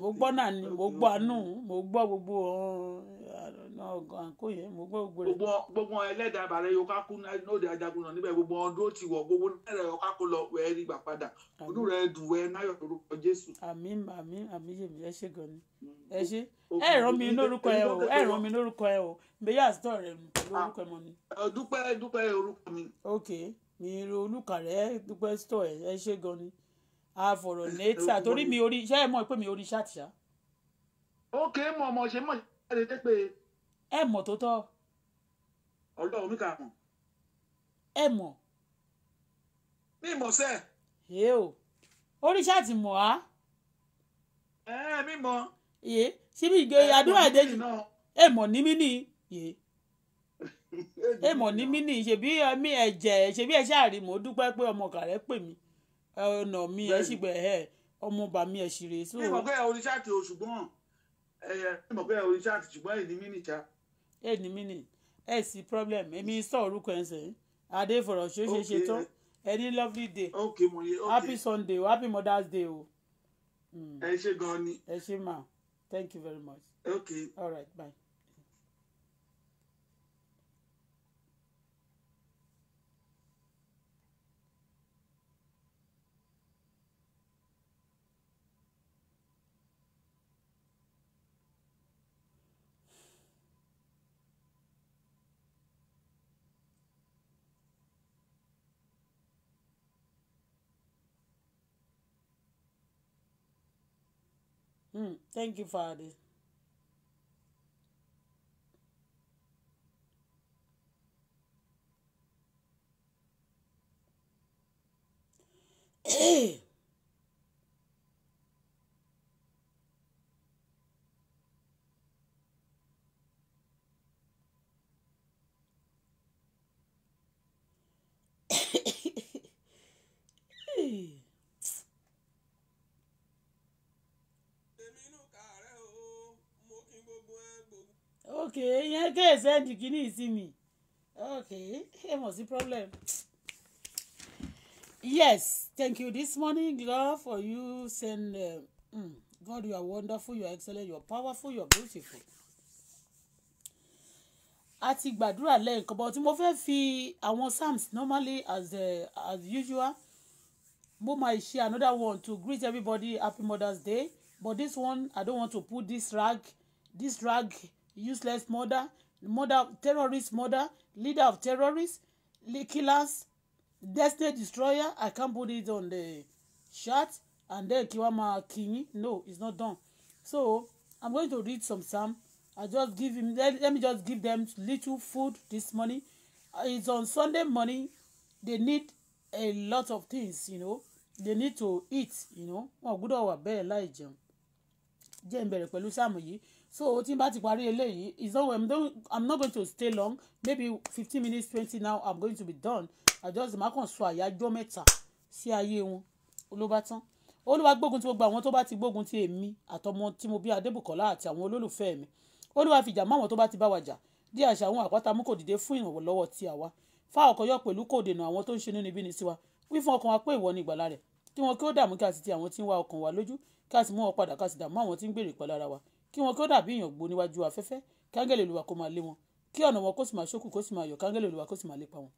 mo gbọ́ náà ni mo gbọ́ àánú mo gbọ́ gbogbo ọ̀gá àkó yẹn mo gbọ́ gbogbo rẹ̀. gbogbo ẹlẹ́dàá àbàlẹ̀ yóò ká kú lóde ajagun náà níbẹ̀ gbogbo ọdún ó ti wọ̀ gbogbo náírà yóò kó lọ wẹ̀ ẹ́ rígbà padà ọdún rẹ̀ dùn wẹ̀ náyọ̀ lórúkọ Jésù. àmín àmín àmín yèmí ẹ ṣé gan ni mm. ẹ ṣé ẹ ràn mí lórúkọ ẹ o ẹ ràn mí lórúkọ ẹ o ìgbéyà àtọ rẹ lórúkọ ẹ mọ ni. Ah, dúpẹ́ dúpẹ́ orúkọ mi. ok mi olùkàrẹ́ dúpẹ́ stọ̀ ẹ ẹ ṣé gan ni àfọ̀rọ̀létà torí mi orí iṣẹ́ ẹ̀ mọ̀ pé mi orí ṣáàtìṣá. ókè mọ ọmọ ṣe mọ ṣe tẹ pé. ẹ mọ̀ tó tọ́. ọlọ́run mi kà mọ̀. ẹ mọ̀. mi mọ̀ sẹ́. ee o orí ṣáàtì mọ̀ á. ẹ mi mọ̀. iye síbi ìgbé adúlá ìdẹ́jì ẹ mọ̀ ní mí ní iye ẹ mọ̀ ní mí ní ṣebí ẹ̀jẹ̀ ṣebí ẹ̀ ṣáà rí mọ̀ ó dúpẹ́ pé ọmọ kàrẹ́ pè mí. Eh, ọ̀nà mi ẹ̀ sì gbẹ̀ ẹ̀ eh, ọmọọba mi ẹ̀ sì rè so. mi mọ̀ pé oníṣàtì o ṣùgbọ́n ẹ̀yẹ eh, mi mọ̀ pé oníṣàtì ṣùgbọ́n èdè mí nìjà. èdè mí nì ẹ sì problem èmi sọ orúkọ ẹ sẹ́yìn adé fọ̀rọ̀ ṣe ṣe ṣe tán any lovely day okay, okay. happy sunday o happy mother's day o. Hmm. ẹ ṣé gan ni. ẹ ṣé ma thank you very much. okay all right bye. Mm, thank you, Father. ok ìyẹn ké sẹ́ndì kínní sí mi ok ẹ mọ̀ sí problem. yes thank you this morning God, for you send uh, mm, god you are wonderful you are excellent you are powerful you are beautiful. a ti gbàdúrà lẹ́ẹ̀kan but mo fẹ́ fi àwọn psalms normally as, uh, as usual mo máa ṣe another one to greet everybody happy mother's day but this one i don't want to put this rag this rag useless murder murder terrorist murder leader of terrorists killers destiny destroyer i can't put it on the chart and then Kiwama wá no it's not done so i'm going to read some psalm i just give him let, let me just give them little food this morning uh, it's on sunday morning they need a lot of things you know they need to eat you know wọn gbọ́dọ̀ wà bẹ́ẹ̀ láì jẹun jẹ́ n bẹ̀rẹ̀ sáàmù yìí so tí n bá ti parí eléyìí it's not I'm, i'm not going to stay long maybe fifteen minutes twenty now i'm going to be done i just máa kàn sọ àyájọ́ mẹ́ta sí ayé wọn ló bá tán olúwa gbógun ti gbogbo àwọn tó bá ti gbógun ti èmi àtọmọ tí mo bí adébùkọ́lá àti àwọn olólùfẹ́ mi olúwa fìjà mọ́ àwọn tó bá ti bá wa jà dí àṣà àwọn àpáta mú kò dìde fún ìrànlọ́wọ́ tí a wá fá ọkọ̀ yọ pẹ̀lú kò dènà àwọn tó ń ṣe nínú ibi ní tiwa wí fún ọkàn wa pé ìwọ ni ìgbàlà rẹ̀ kí wọn kí ó dààmú kí a sì ti àwọn tí ń wá ọkàn wa lójú kí a sì mú wọn padà kí a sì dààmú àwọn tí ń gbèrè ìpalára wa kí wọn kí ó dàbí èèyàn gbó níwájú afẹ́fẹ́ kí áńgẹ́lì olúwa kó máa lé wọn kí ọ̀nà wọn kó sì máa ṣókù kó sì máa yọ̀ kí áńgẹ́lì olúwa kó sì máa lépa wọn.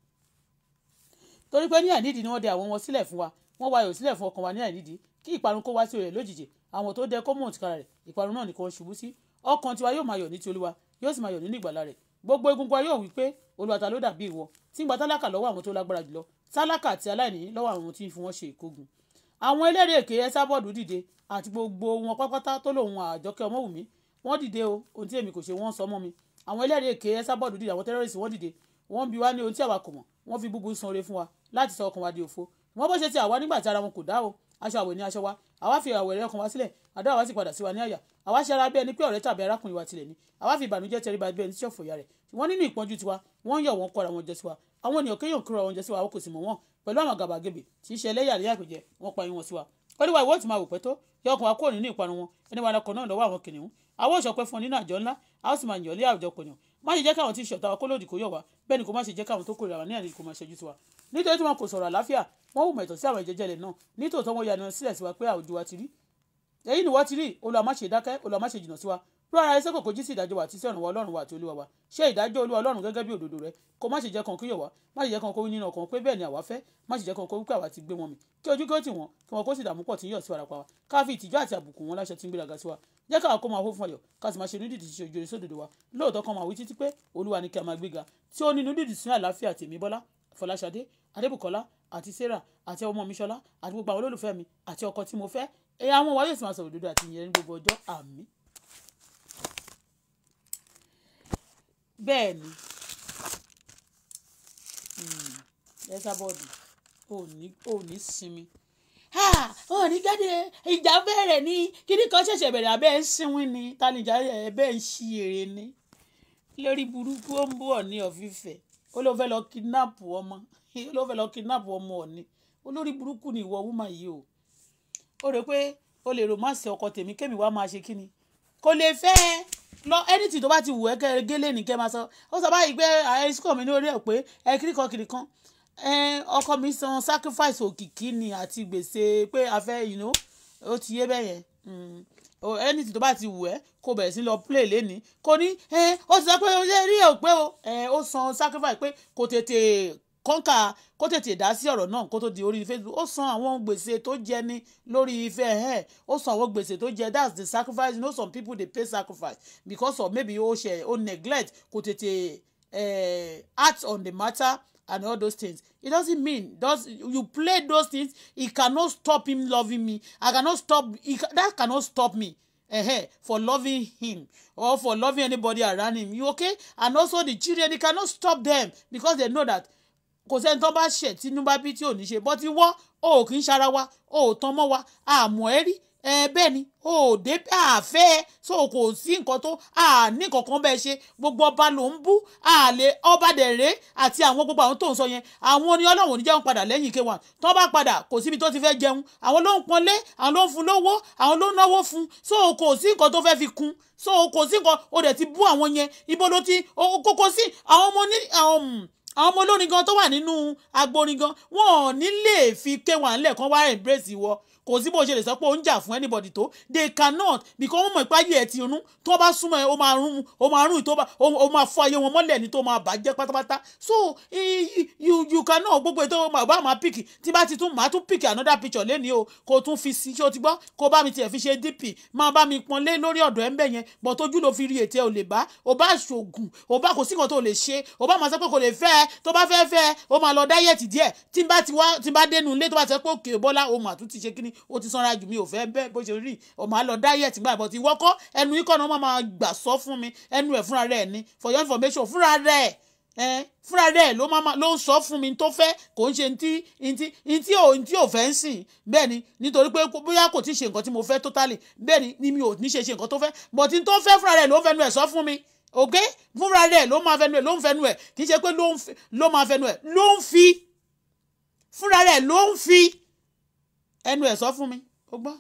torí pé ní àìnídìí ni wọ́n dẹ àwọn wọn sílẹ̀ fún wa wọ́n wá ayọ̀ sílẹ̀ fún ọkàn wa ní àìnídìí kí ìparun kó wá sí rẹ̀ lójijì àwọn tó dẹ kó mọ̀ tìkára rẹ̀ ìparun náà nìkan ṣubú sí ọkàn tiwa yóò máa yọ̀ ní ti olúwa yóò sì máa yọ̀ nínú ìgbàlà rẹ̀ gbogbo egungun wa yóò olúwa ta ló dàbí ìwọ tí ń gba tálákà lọ́wọ́ àwọn tó lágbára jùlọ tálákà àti aláìní lọ́wọ́ àwọn tí ń fi wọ́n ṣe ìkógun àwọn ẹlẹ́rìí èké ẹsábọ́ọ̀dù dìde àti gbogbo wọn pátápátá tó lòun àjọkẹ́ ọmọwùmí wọ́n dìde o ohun tí èmi kò ṣe wọ́n sọ mọ́ mi àwọn ẹlẹ́rìí èké ẹ́sàbọ̀dù dìde àwọn tẹ́rọ́rìsì wọ́n dìde wọ́n bi wá ní ohun tí àwa kò mọ̀ wọ́n fi búburú san fún wa láti sọ ọkàn wa di òfo wọ́n bó ṣe ti àwa nígbà tí ara wọn kò dá o aṣọ àwẹ̀ ni aṣọ wa àwa fi àwẹ̀ rẹ ọkàn wa sílẹ̀ àdá àwa sì padà sí wa ní àyà àwa ṣe ara bí ẹni pé ọ̀rẹ́ tàbí arákùnrin wa tilẹ̀ ni àwa fi ìbànújẹ́ tẹríba bí ẹni tí ṣọ̀fọ̀ ìyá rẹ̀ wọ́n nínú ìpọ́njú tiwa wọ́n yọ̀ wọ́n kọ́ra wọn jẹ tiwa àwọn ènìyàn kéèyàn kúrò wọn jẹ sí wa kò sì mọ̀ wọn pẹ̀lú àwọn gàbàgebè tí í ṣe ẹlẹ́yà ní àpèjẹ wọ́n pa irun wọn ó ní wá ìwé òtún máa wò pẹ́ tó yọ ọkùnrin wa kúrò nínú ìparun wọn ẹni wa lọkọ̀ náà lọ́wọ́ àwọn kìnìún àwọn òṣọpẹ́ fún ọ nínú àjọ ńlá a ó sì máa yàn lé àwùjọ pẹ̀lú má ṣe jẹ́ káwọn tí ìṣọ̀tà ọkọ lòdì kó yọ̀ wá bẹ́ẹ̀ ni kò má ṣe jẹ́ káwọn tó kórìíra wá ní àlejò kò máa ṣẹ́jú tiwa nítorí tí wọn kò sọ̀rọ̀ àláfíà wọn hùwà ìtọ̀ sí àwọn ìjẹjẹlẹ̀ náà nítòótọ́ wọn yanu sílẹ̀ sí wa pé àwùjọ wa ti rí èyí ni wọ́n ti rí olùwàmáṣe dákẹ́ olùwàmáṣe jìnnà sí wa rú ara ẹsẹ̀ kòkòjú sí ìdájọ́ wa àti sí ọ̀nà wa ọlọ́run wa àti olúwa wa ṣe ìdájọ́ olúwa ọlọ́run gẹ́gẹ́ bí òdodo rẹ kó má ṣe jẹ́ kan kíyọ̀ wá má ṣe jẹ́ kan kó wí ọkàn pé bẹ́ẹ̀ ni àwa fẹ́ má ṣe jẹ́ kan kó wí pé àwa ti gbé wọn mì kí ojú kí ó tì wọ́n kí wọn kó sì dààmú pọ̀ tí ń yọ̀ sí wàrà pa wa ká fi ìtìjú àti àbùkù wọn láṣẹ tí ń gbéraga sí wa jẹ́ káwa kó máa hó fún ọyọ̀ ká sì máa ṣe nídìí ti ṣe òjòrè sódodo wa lóòótọ́ kan máa wí títí pé olúwa ni kí a máa gbéga tí ó nínú dídì sí àlàáfíà tèmi bọ́lá fọláṣadé adébùkọ́lá àti sarah àti ọmọ mi ṣọlá àti gbogbo àwọn olólùfẹ́ mi àti ọkọ tí mo fẹ́ ẹ̀yà àwọn wáyé sì máa sọ̀rọ̀ òdodo àti ìyẹn gbogbo ọjọ́ àmín bẹ́ẹ̀ ni hmm, Esabod ò ní sinmi ah, ò ní jáde ìjà bẹ̀rẹ̀ ni kíní kan ṣẹ̀ṣẹ̀ bẹ̀rẹ̀ abẹ́ ń sinwin ni ta ni ìjà ẹ̀bẹ́ ń ṣí èrè ni lórí burúkú ó ń bú Ọọ̀ni of Ifẹ̀ ó ló fẹ́ lọ kidnap ọmọ ó ló fẹ́ lọ kidnap ọmọ Ọọ̀ni olórí burúkú ni ìwọ wúmà yìí o ó rẹ pé o lè romance ọkọ tèmi kémi wá máa ṣe kíni kò lè fẹ́ ẹ lọ anything tó bá ti wù ẹ́ kẹ́ gélé ní kẹ́ máa sọ ó sọ báyìí pé ààrẹ school mi ní orí ẹ̀ pé ẹ kíríkan kíríkan ọkọ mi san sacrifice òkìkí ni àti gbèsè pé a fẹ́ you know ó ti yé bẹ́ẹ̀ yẹn hmm. anything tó bá ti wù ẹ́ kó bẹ̀rẹ̀ sí lọ play lẹ́ni kò ní ó ti sọ pé ó rí ẹ̀ pé ó san sacrifice pé kò tètè kọ́ńkà kó tètè dá sí ọ̀rọ̀ náà kó tó di orí Facebook ó san àwọn gbèsè tó jẹ ní lórí ìfẹ́ ẹ̀ ó san àwọn gbèsè tó jẹ that's the sacrifice you know some people dey pay sacrifice because of maybe ó ṣe ó neglect kó tètè uh, act on the matter and all those things it doesn't mean does you play those things it cannot stop him loving me i cannot stop it, that cannot stop me uh-huh, for loving him or for loving anybody around him you okay and also the children it cannot stop them because they know that kò sẹ́ni tó bá ṣẹ̀ tínú bá bí tí ò ní ṣe bọ́ ti wọ́ o kì í ṣara wa o ò tán mọ́ wa àmọ́ ẹ rí ẹ bẹ́ẹ̀ ni o dé àfẹ́ so kò sí nǹkan tó àní kankan bẹ́ẹ̀ ṣe gbogbo ọba ló ń bú àlè ọba dẹ̀rẹ́ àti àwọn gbogbo àwọn tó ń sọ yẹn àwọn ni ọlọ́run ò ní jẹun padà lẹ́yìn ike wọn tó bá padà kò síbi tó ti fẹ́ jẹun àwọn ló ń pọnlé àwọn ló ń fún lówó àwọn ló ń náwó fún so kò sí nǹkan tó fẹ́ fi kún so kò sí nǹkan o dẹ̀ ti bú àwọn yẹn ibo ló ti kókó sí àwọn ọmọ ní àwọn hmm, àwọn ọmọ olórin gan tó wà nínú agbórin gan wọn ò ní lè fi ké wà ńlẹ̀ kan wá embrace ìwọ kò sí bó ṣe lè sọ pé ó ń jà fún anybody tó they cannot because wọ́n mọ̀ pé ayé ẹ̀ ti rún tó bá súnmọ́ ẹ ó máa rún ó máa rún tó ó máa fọ ayé wọn mọ́lẹ̀ ní tó máa bàjẹ́ pátápátá so you you cannot gbogbo ètò bá máa pick tí bá ti tún máa tún pick another picture lẹ́ni o kò tún fi sí ṣé o ti gbọ́ kó bá mi tiẹ̀ fi ṣe dp máa bá mi pọn lé lórí ọ̀dọ̀ ẹ̀ ń bẹ̀ yẹn bọ̀ tójú ló fi rí ètè ò lè bá o bá ṣògùn o bá kò sí nǹkan tó lè ṣe o bá máa sọ pé kò lè fẹ́ tó bá fẹ́ fẹ́ o máa lọ dáyẹ̀tì díẹ̀ tí bá ti wá tí bá dénú ilé tó bá ti sọ pé òkè bọ́lá o mà tún ti ṣe kíní ó ti sanra jù mi ò fẹ́ bẹ́ẹ̀ bó ṣe rí ọmọ àlọ́ diet gbà bọ̀ ti wọ́kọ́ ẹnu ikọ̀ náà máa gbà sọ fún mi ẹnu ẹ̀ fúnra rẹ̀ ni for your information fúnra rẹ̀ ẹ̀ fúnra rẹ̀ ló máa ló ń sọ fún mi tó fẹ́ kò ń ṣe ntí ntí ntí ò ntí ò fẹ́ ń sìn bẹ́ẹ̀ ni nítorí pé bóyá kò ti ṣe nǹkan tí mo fẹ́ totally bẹ́ẹ̀ ni ni mi ò ní ṣe ṣe nǹkan tó fẹ́ but n tó fẹ́ fúnra rẹ̀ ló fẹnu ẹ̀ sọ fún mi ok fúnra rẹ̀ ló máa fẹnu ẹ̀ ló ń fẹnu ẹ̀ kì í ṣe pé ló máa fẹnu ẹ̀ ló ń fi fúnra rẹ̀ ló ń fi ẹnu ẹ̀ sọ fún mi ó gbọ́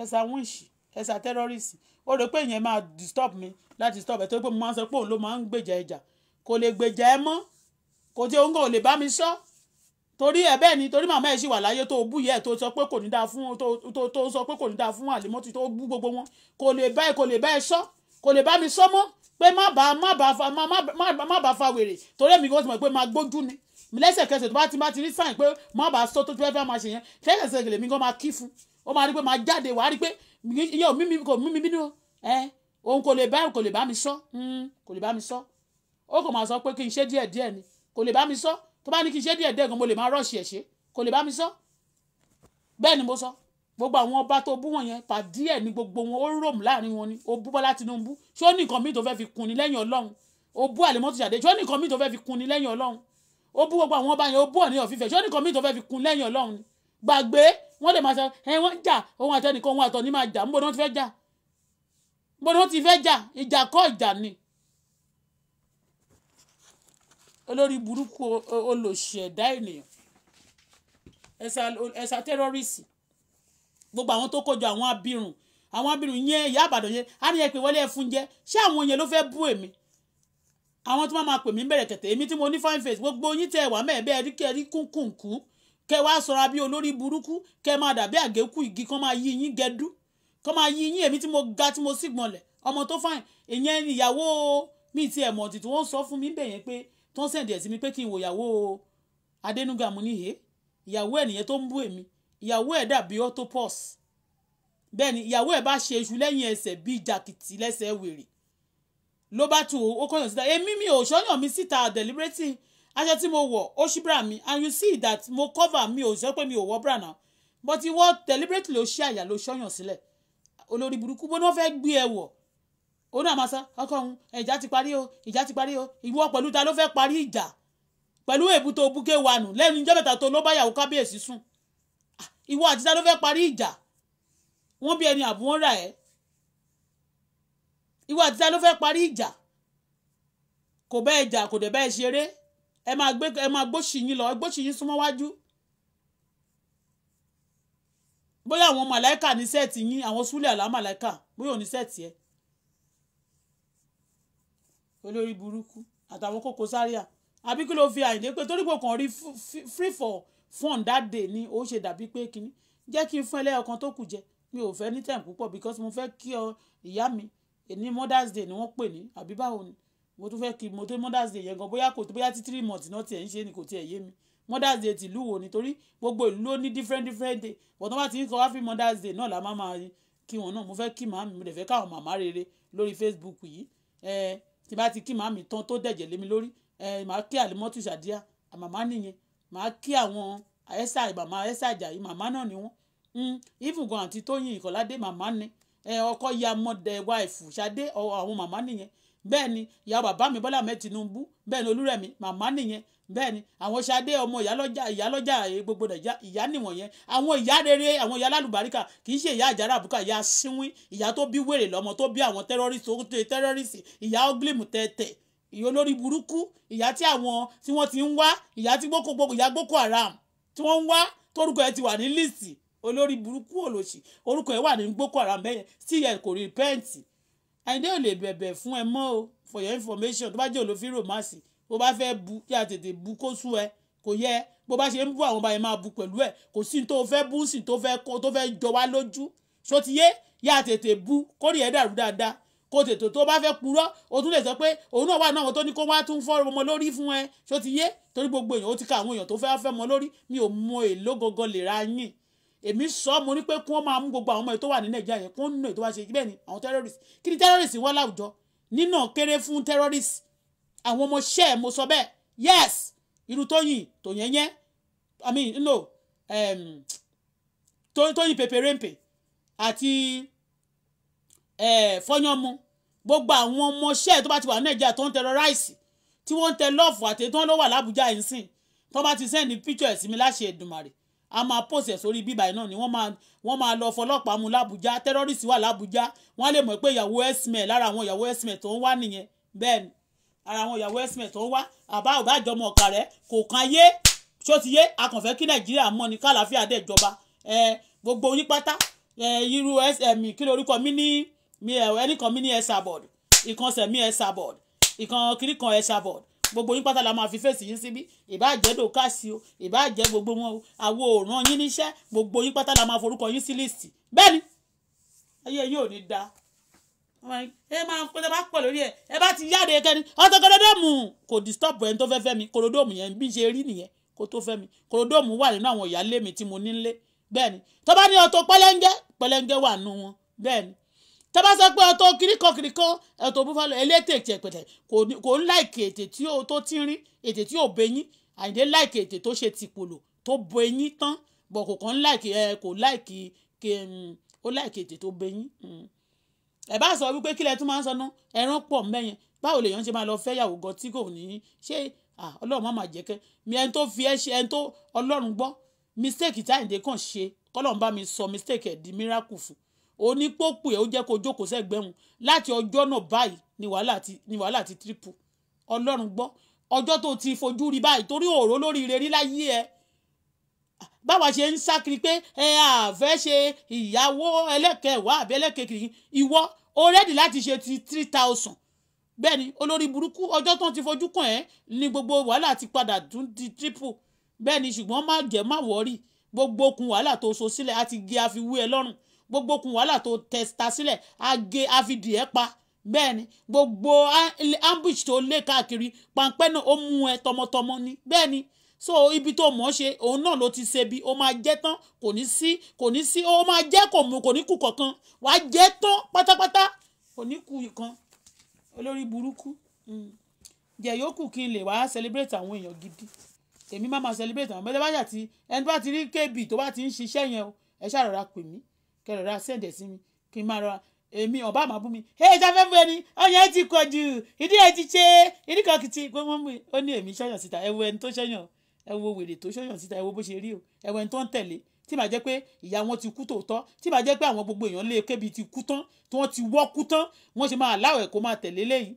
ẹ̀sà wíṣì ẹ̀sà tẹ́rọ́rìsì ó rò pé ìyẹn máa disturb mi láti stop ẹ̀ tó pé mo máa ń sọ pé òun ló máa ń gbèjà ẹjà kò lè gbèjà ẹ mọ́ kò tí òun kò lè bá mi sọ torí ẹ bẹ́ẹ̀ ni torí màmá ẹ̀ sì wà láyé tó bú yẹ tó sọ pé kò ní dáa fún tó tó sọ pé kò ní dáa fún àlèmọ́tì tó bú gbogbo wọn kò lè bá ẹ kò lè bá ẹ sọ kò lè bá mi sọ mọ́ pé má bàa má bàa fa wèrè torí èmi kò tí mọ̀ pé má gbójú ni lẹ́sẹ̀kẹsẹ̀ tó bá ti má ti rí sáìn pé má bàa sọ tó fẹ́ fẹ́ máa ṣe yẹn lẹ́sẹ̀kẹsẹ̀ lèmi gan máa kí fún ó máa rí pé máa jáde wàá rí pé yóò mímí kò mímí bínú ẹ òun kò lè bá kò lè bá mi sọ hmm, kò lè bá mi sọ ó kò máa sọ pé kí n ṣe díẹ̀ díẹ̀ ni kò lè bá mi sọ tó bá ní kí n ṣe díẹ̀ díẹ̀ gan mo lè máa rọ́ọ̀ṣì ẹ̀ ṣe kò lè bá mi sọ bẹ́ẹ̀ ni mo sọ gbogbo àwọn ọba tó bú wọn yẹn pàdí ẹ̀ ní gbogbo wọn ó rọ̀mù láàrin wọn ni ó bú Bọ́lá Tinubu ṣé ó ní nǹkan míì tó fẹ́ fi kun ni lẹ́yìn Ọlọ́run ó bú Àlẹ́mọ́tò Ṣàdé ṣé ó ní nǹkan míì tó fẹ́ fi kun ni lẹ́yìn Ọlọ́run ó bú gbogbo àwọn ọba yẹn ó bú ọ̀nìyàn fífẹ́ ṣé ó ní kọ́mí tó fẹ́ fi kun lẹ́yìn ọlọ́run ni gbàgbé wọ́n lè máa sọ ẹ wọ́n jà òun àtẹnìkan òun àtọ̀ ní máa jà níbo ni wọ́n ti fẹ́ jà níbo ni wọ́n ti fẹ́ jà ìjà kọ́ ìjà ni. olórí burúkú olòṣì ẹ̀dá ènìyàn ẹ̀sà tẹ́rọ́rìsì gbogbo àwọn tó kójọ àwọn abirùn àwọn abirùn yẹn ìyá àbàdàn yẹn á ní ẹ pè wọlé ẹ fún jẹ ṣé àwọn yẹn ló fẹ́ bú èmi àwọn tí wọ́n máa pè mí bẹ̀rẹ̀ kẹ̀tẹ̀ èmi tí mo ní fine face gbogbo yín tẹ́ wà mẹ́ẹ̀ bẹ́ẹ̀ rí kẹ́ rí kúnkùnkùn kẹ́ wá sọra bí olórí burúkú kẹ́ máa dàbí àgékù igi kán máa yí yín gẹdú kán máa yí yín èmi tí mo ga tí mo sì gbọ̀nlẹ̀ ọmọ tó fine ìyẹn ìyàwó mi ti ẹ̀ mọ̀ ọ̀tì tí wọ́n sọ fún mi bẹ̀yẹn pé tó ń sẹ̀ǹdẹ̀ sí mi pé kí n wo ìyàwó adénúgàmù níhe ìyàwó ẹ̀ nìyẹn tó ń bú èmi ìyàwó ẹ̀ dàbí autopus bẹ́ẹ̀ ni ìyàwó ẹ̀ bá ṣe iṣu lẹ́yìn ẹsẹ̀ bíi jàkìtì lẹ́sẹ̀ wèrè ló bá tu ó kọ́yàn síta èmi mi ò ṣọ́yàn mi síta deliberately aṣọ tí mo wọ̀ ó ṣí bra mi and you see that mo cover mi ò sọ pé mi ò wọ bra náà but ìwọ deliberately ló ṣí àyà ló ṣọ́yàn sílẹ̀ olórí burúkú bó náà fẹ́ gbé ẹ wọ̀ ó náà máa sá ọkọ òun ìjà ti parí o ìjà ti parí o ìwọ pẹ̀lú ta ló fẹ́ parí ìjà pẹ̀lú èbú tó búké wa nù lẹ́nu ìjọ́ mẹ́ta tó ló bá yàwó kábíyèsí sùn ah, ìwọ àti ta ló fẹ́ parí ìjà wọ́n bí ẹni àbúwọ́n rà ẹ́ ìwọ àti ta ló fẹ́ parí ìjà kò bẹ́ẹ̀ jà kò dẹ̀ bẹ́ẹ̀ ṣeré ẹ máa gbé ẹ máa gbóṣì yín lọ gbóṣì yín súnmọ́ wájú bóyá àwọn màláìkà ní sẹ́ẹ̀tì yín àwọn súlẹ̀ àlá màláìkà bóyá òní sẹ́ẹ̀tì ẹ olórí burúkú àtàwọn kókó sáríà àbí kí ló fi àyìndé pé torí pé rí free for fun that day ni ó ṣe dàbí pé kíní jẹ́ kí n fún ẹlẹ́yọkan tó kù jẹ mi ò fẹ́ ní tẹ̀m púpọ̀ because mo fẹ́ kí ọ ìyá mi èní mother's day ni wọ́n pè ní àbí báwo ni mo tún fẹ́ kí mo tó mother's day yẹn gan bóyá kò tó bóyá tí three months náà tiẹ̀ ń ṣe ni kò tiẹ̀ yé mi mother's day tìlú wo ni torí gbogbo ìlú ló ní different different day but wọ́n bá ti ń kọ́ wá fi mother's day náà la má máa kí wọn náà mo fẹ́ kí màmí mo dẹ̀ fẹ́ káwọn màmá rere lórí facebook yìí ẹ tí bá ti kí màmí tán tó dẹ̀jẹ̀ lé mi lórí ẹ màá kí àlímọ́tù ṣàdíà àmàmá nìyẹn màá kí àwọn ẹ̀sà màmá ẹ̀sà àjàyí màmá náà ni wọ́n hmm, even gan àti tóyìn ìkọ̀ládé màmá ni ọkọ ya mọdẹ wáìfù ṣadé àwọn màmá nìyẹn bẹ́ẹ̀ ni ìyá bàbá mi bọ́lá mẹ́ tinubu bẹ́ẹ̀ ni olúrẹ̀mí màmá nìyẹn bẹ́ẹ̀ ni àwọn ṣadé ọmọ ìyálọ́jà ìyálọ́jà e, gbogbo nàìjíríà ìyá nìwọ̀nyẹn àwọn ìyá rere àwọn ìyá lálùbáríkà kì í ṣe ìyá àjàrà àbúkà ìyá síwín ìyá tó bí wèrè lọ́mọ tó bí àwọn tẹ́rọ́rìsì ó tẹ tẹ́rọ́rìsì ìyá ọgbìmù tẹ́tẹ́ ìyá olórí burúkú ìyá tí àwọn tí wọ́n ti ń wá ìyá tí gbókògbó ìyá Boko Haram tí wọ́n ń wá tórúkọ ẹ ti wà ní líìsì olórí burúkú olòṣì orúkọ ẹ̀ wà ní Boko Haram bẹ́ẹ̀ tí ẹ̀ kò rìpẹ́ǹtì àyíndé ò lè bẹ̀bẹ̀ fún ẹ mọ́ o for your information tó bá jẹ́ olófin romance bó bá fẹ́ bu kí a tètè bu kó sú ẹ kò yẹ bó bá ṣe ń bú àwọn ọba yẹn máa bu pẹ̀lú ẹ kò sí tó fẹ́ bú sí tó fẹ́ kó tó fẹ́ jọ wá lójú ṣó ti yé yá tètè bu kórìí ẹ dàrú dáadáa kó tètò tó bá fẹ́ purọ́ o tún lè sọ pé òun náà wà náà wọn tó ní kó wá tún fọ́ ọmọ lórí fún ẹ ṣó yé torí gbogbo èèyàn ó ti ka àwọn èèyàn tó fẹ́ fẹ́ ọmọ lórí mi ò mọ èló gangan lè ra yín èmi sọ mo ní pé kí wọ́n máa mú gbogbo àwọn ọmọ ètò wà ní nàìjíríà yẹn kí wọ́n nù ètò wá ṣe bẹ́ẹ̀ ni àwọn terrorist kí ni terrorist wọ́n láwùjọ nínà kéré fún terrorist àwọn ọmọọṣẹ́ ẹ̀ mo sọ bẹ́ẹ̀ yes irú tóyìn tòyẹ́yẹ́ i mean no um, tóyìn pèpèrèǹpè àti eh, fọyánmu gbogbo àwọn ọmọọṣẹ́ ẹ̀ tó bá ti wà ní nàìjíríà tó ń terrorize tí wọ́n ń tẹ lọ́ọ̀fù àti tó ń lọ́wọ́ àlàbújá yìí sìn tó bá ti sẹ́ndì a máa post ẹ̀ sórí bíbá iná ni wọ́n máa wọ́n máa lọ fọlọ́pàá mu làbújá tẹ́rọ́rìsì wà làbújá wọ́n lè mọ̀ pé ìyàwó xmẹ̀ lára àwọn ìyàwó xmẹ̀ tó ń wá nìyẹn bẹ́ẹ̀ ni ara àwọn ìyàwó xmẹ̀ tó ń wá àbá ò bá jọmọ ọ̀kà rẹ̀ kò kan yé ṣó ti yé a kàn fẹ́ kí nàìjíríà mọ̀ ní kálàáfíà dẹ̀ jọba gbogbo yín pátá irú kí lorúkọ mi ní ẹnìkan mi ní ẹ̀ sàbọ̀d ìkànsẹ̀ mi ẹ̀ sàbọ̀d ìkànkiri kan ẹ̀ sàbọ̀d gbogbo yín pátá la máa fi fèsì yín síbí ìbáàjẹ́ dòkásì o ìbáàjẹ́ gbogbo wọn o àwo òràn yín níṣẹ́ gbogbo yín pátá la máa forúkọ yín sí líìsì bẹ́ẹ̀ ni ayé yóò ní da ẹ máa ń pẹ́tẹ́ bá pọ̀ lórí ẹ̀ ẹ bá ti yáde kẹ́ni ọ̀tọ̀ kòròdọ́ọ̀mù kò disturb ẹni tó fẹ́ fẹ́ mi kòròdọ́ọ̀mù yẹn bí ṣe rí nìyẹn kó tó fẹ́ mi kòròdọ́ọ̀mù wà nínú àwọn ìyáálé mi tí mo nílé bẹ́ẹ̀ ni tó bá ní ọ̀tọ̀ pẹ́lẹ́ńgẹ́ pẹ́lẹ́ńgẹ́ wà nù wọn bẹ́ẹ̀ ni tọ́ba sọ pé ọtọ kíríkan kíríkan ẹ̀tọ́ búfalo elétè tẹ̀pẹ̀tẹ̀ kò ń láìkè ètè tí ó tó tínrín ètè tí ò bẹyín àyìndé láìkè ètè tó ṣe tìpolò tó bẹyín tán bọ̀ kò kàn ń láìkè ẹ kò láìkè kè ó láìkè ètè tó bẹyín. Hmm. ẹ bá sọ wípé kílẹ̀ tún máa ń sọnù ẹran pọ̀ mẹ́yẹn báwo lèèyàn ṣe máa lọ fẹ́ yàwó gan tí kò ní í ṣe ọlọ́run má máa jẹ́ kẹ́ mi ẹni tó fi ẹ́ ṣe ẹni tó ọlọ́run gbọ́ mistake tí àyìndé kàn ṣe kọ́lọ́run bá mi sọ mistake di miracle onípòpù ẹ̀ ó jẹ́ kó jókòó sẹ́gbẹ̀rún láti ọjọ́ náà báyìí ni wàhálà ti triple ọlọ́run gbọ́ ọjọ́ tó ti fojú rí báyìí torí òòró lórí ire rí láyé ẹ báwa ṣe ń sákiri pé ẹ àfẹ́ ṣe ìyàwó ẹlẹ́kẹ̀wá àbí ẹlẹ́kẹ̀kiri ìwọ o láti ṣe ti three thousand bẹ́ẹ̀ ni olórí burúkú ọjọ́ tó ti fojú kàn ẹ́ ni gbogbo wàhálà ti padà tún di triple bẹ́ẹ̀ ni ṣùgbọ́n má jẹ́ má wọ́ọ̀rì gbogbo okùn wàhálà tó so sílẹ̀ á gé àfiwé ẹ lọ́rùn gbogbo okùn wàhálà tó tẹ̀síta sílẹ̀ àgé àfidì ẹ̀ pa bẹ́ẹ̀ ni gbogbo ambush tó lé káàkiri pańpẹ́ náà ó mú ẹ tọmọtọmọ ni bẹ́ẹ̀ ni so ibi tó mọ̀ ọ́ ṣe òun náà ló ti ṣe bí ó máa jẹ́ tán kò ní sí kò ní sí ó máa jẹ́ kò mú kò ní kù kankan wàá jẹ́ tán pátápátá kò ní kù kan olórí burúkú hmm. jẹ yòókù kí n lè wá celebrate àwọn èèyàn gidi èmi má máa celebrate àwọn mẹlẹ́bàjà tí ẹni bá ti rí kébì tó bá ti ń ṣiṣẹ́ yẹn o ẹ ṣàrọ̀ra pè mí kẹrọ ra sẹ̀dẹ̀ sí mi kí n máa ra èmi ọba àmà bú mi ẹ ṣàfẹ́ fún ẹni ọyàn ẹ ti kọ jù ìdí ẹ ti ṣe ìdí kan kìtì gbogbo mi ó ní èmi ṣọyàn síta ẹ wo ẹni tó ṣọyàn ẹ wo wèrè tó ṣọyàn síta ẹ wo bó ṣe rí o ẹ wo ẹni tó ń tẹ̀lé tí màá jẹ́ pé ìyá wọn ti kú tòótọ́ tí màá jẹ́ pé àwọn gbogbo èèyàn lé e kébi ti kú tán tí wọ́n ti wọ́ kú tán wọ́n ṣe máa láwẹ̀ kó máa tẹ̀lé lẹ́yìn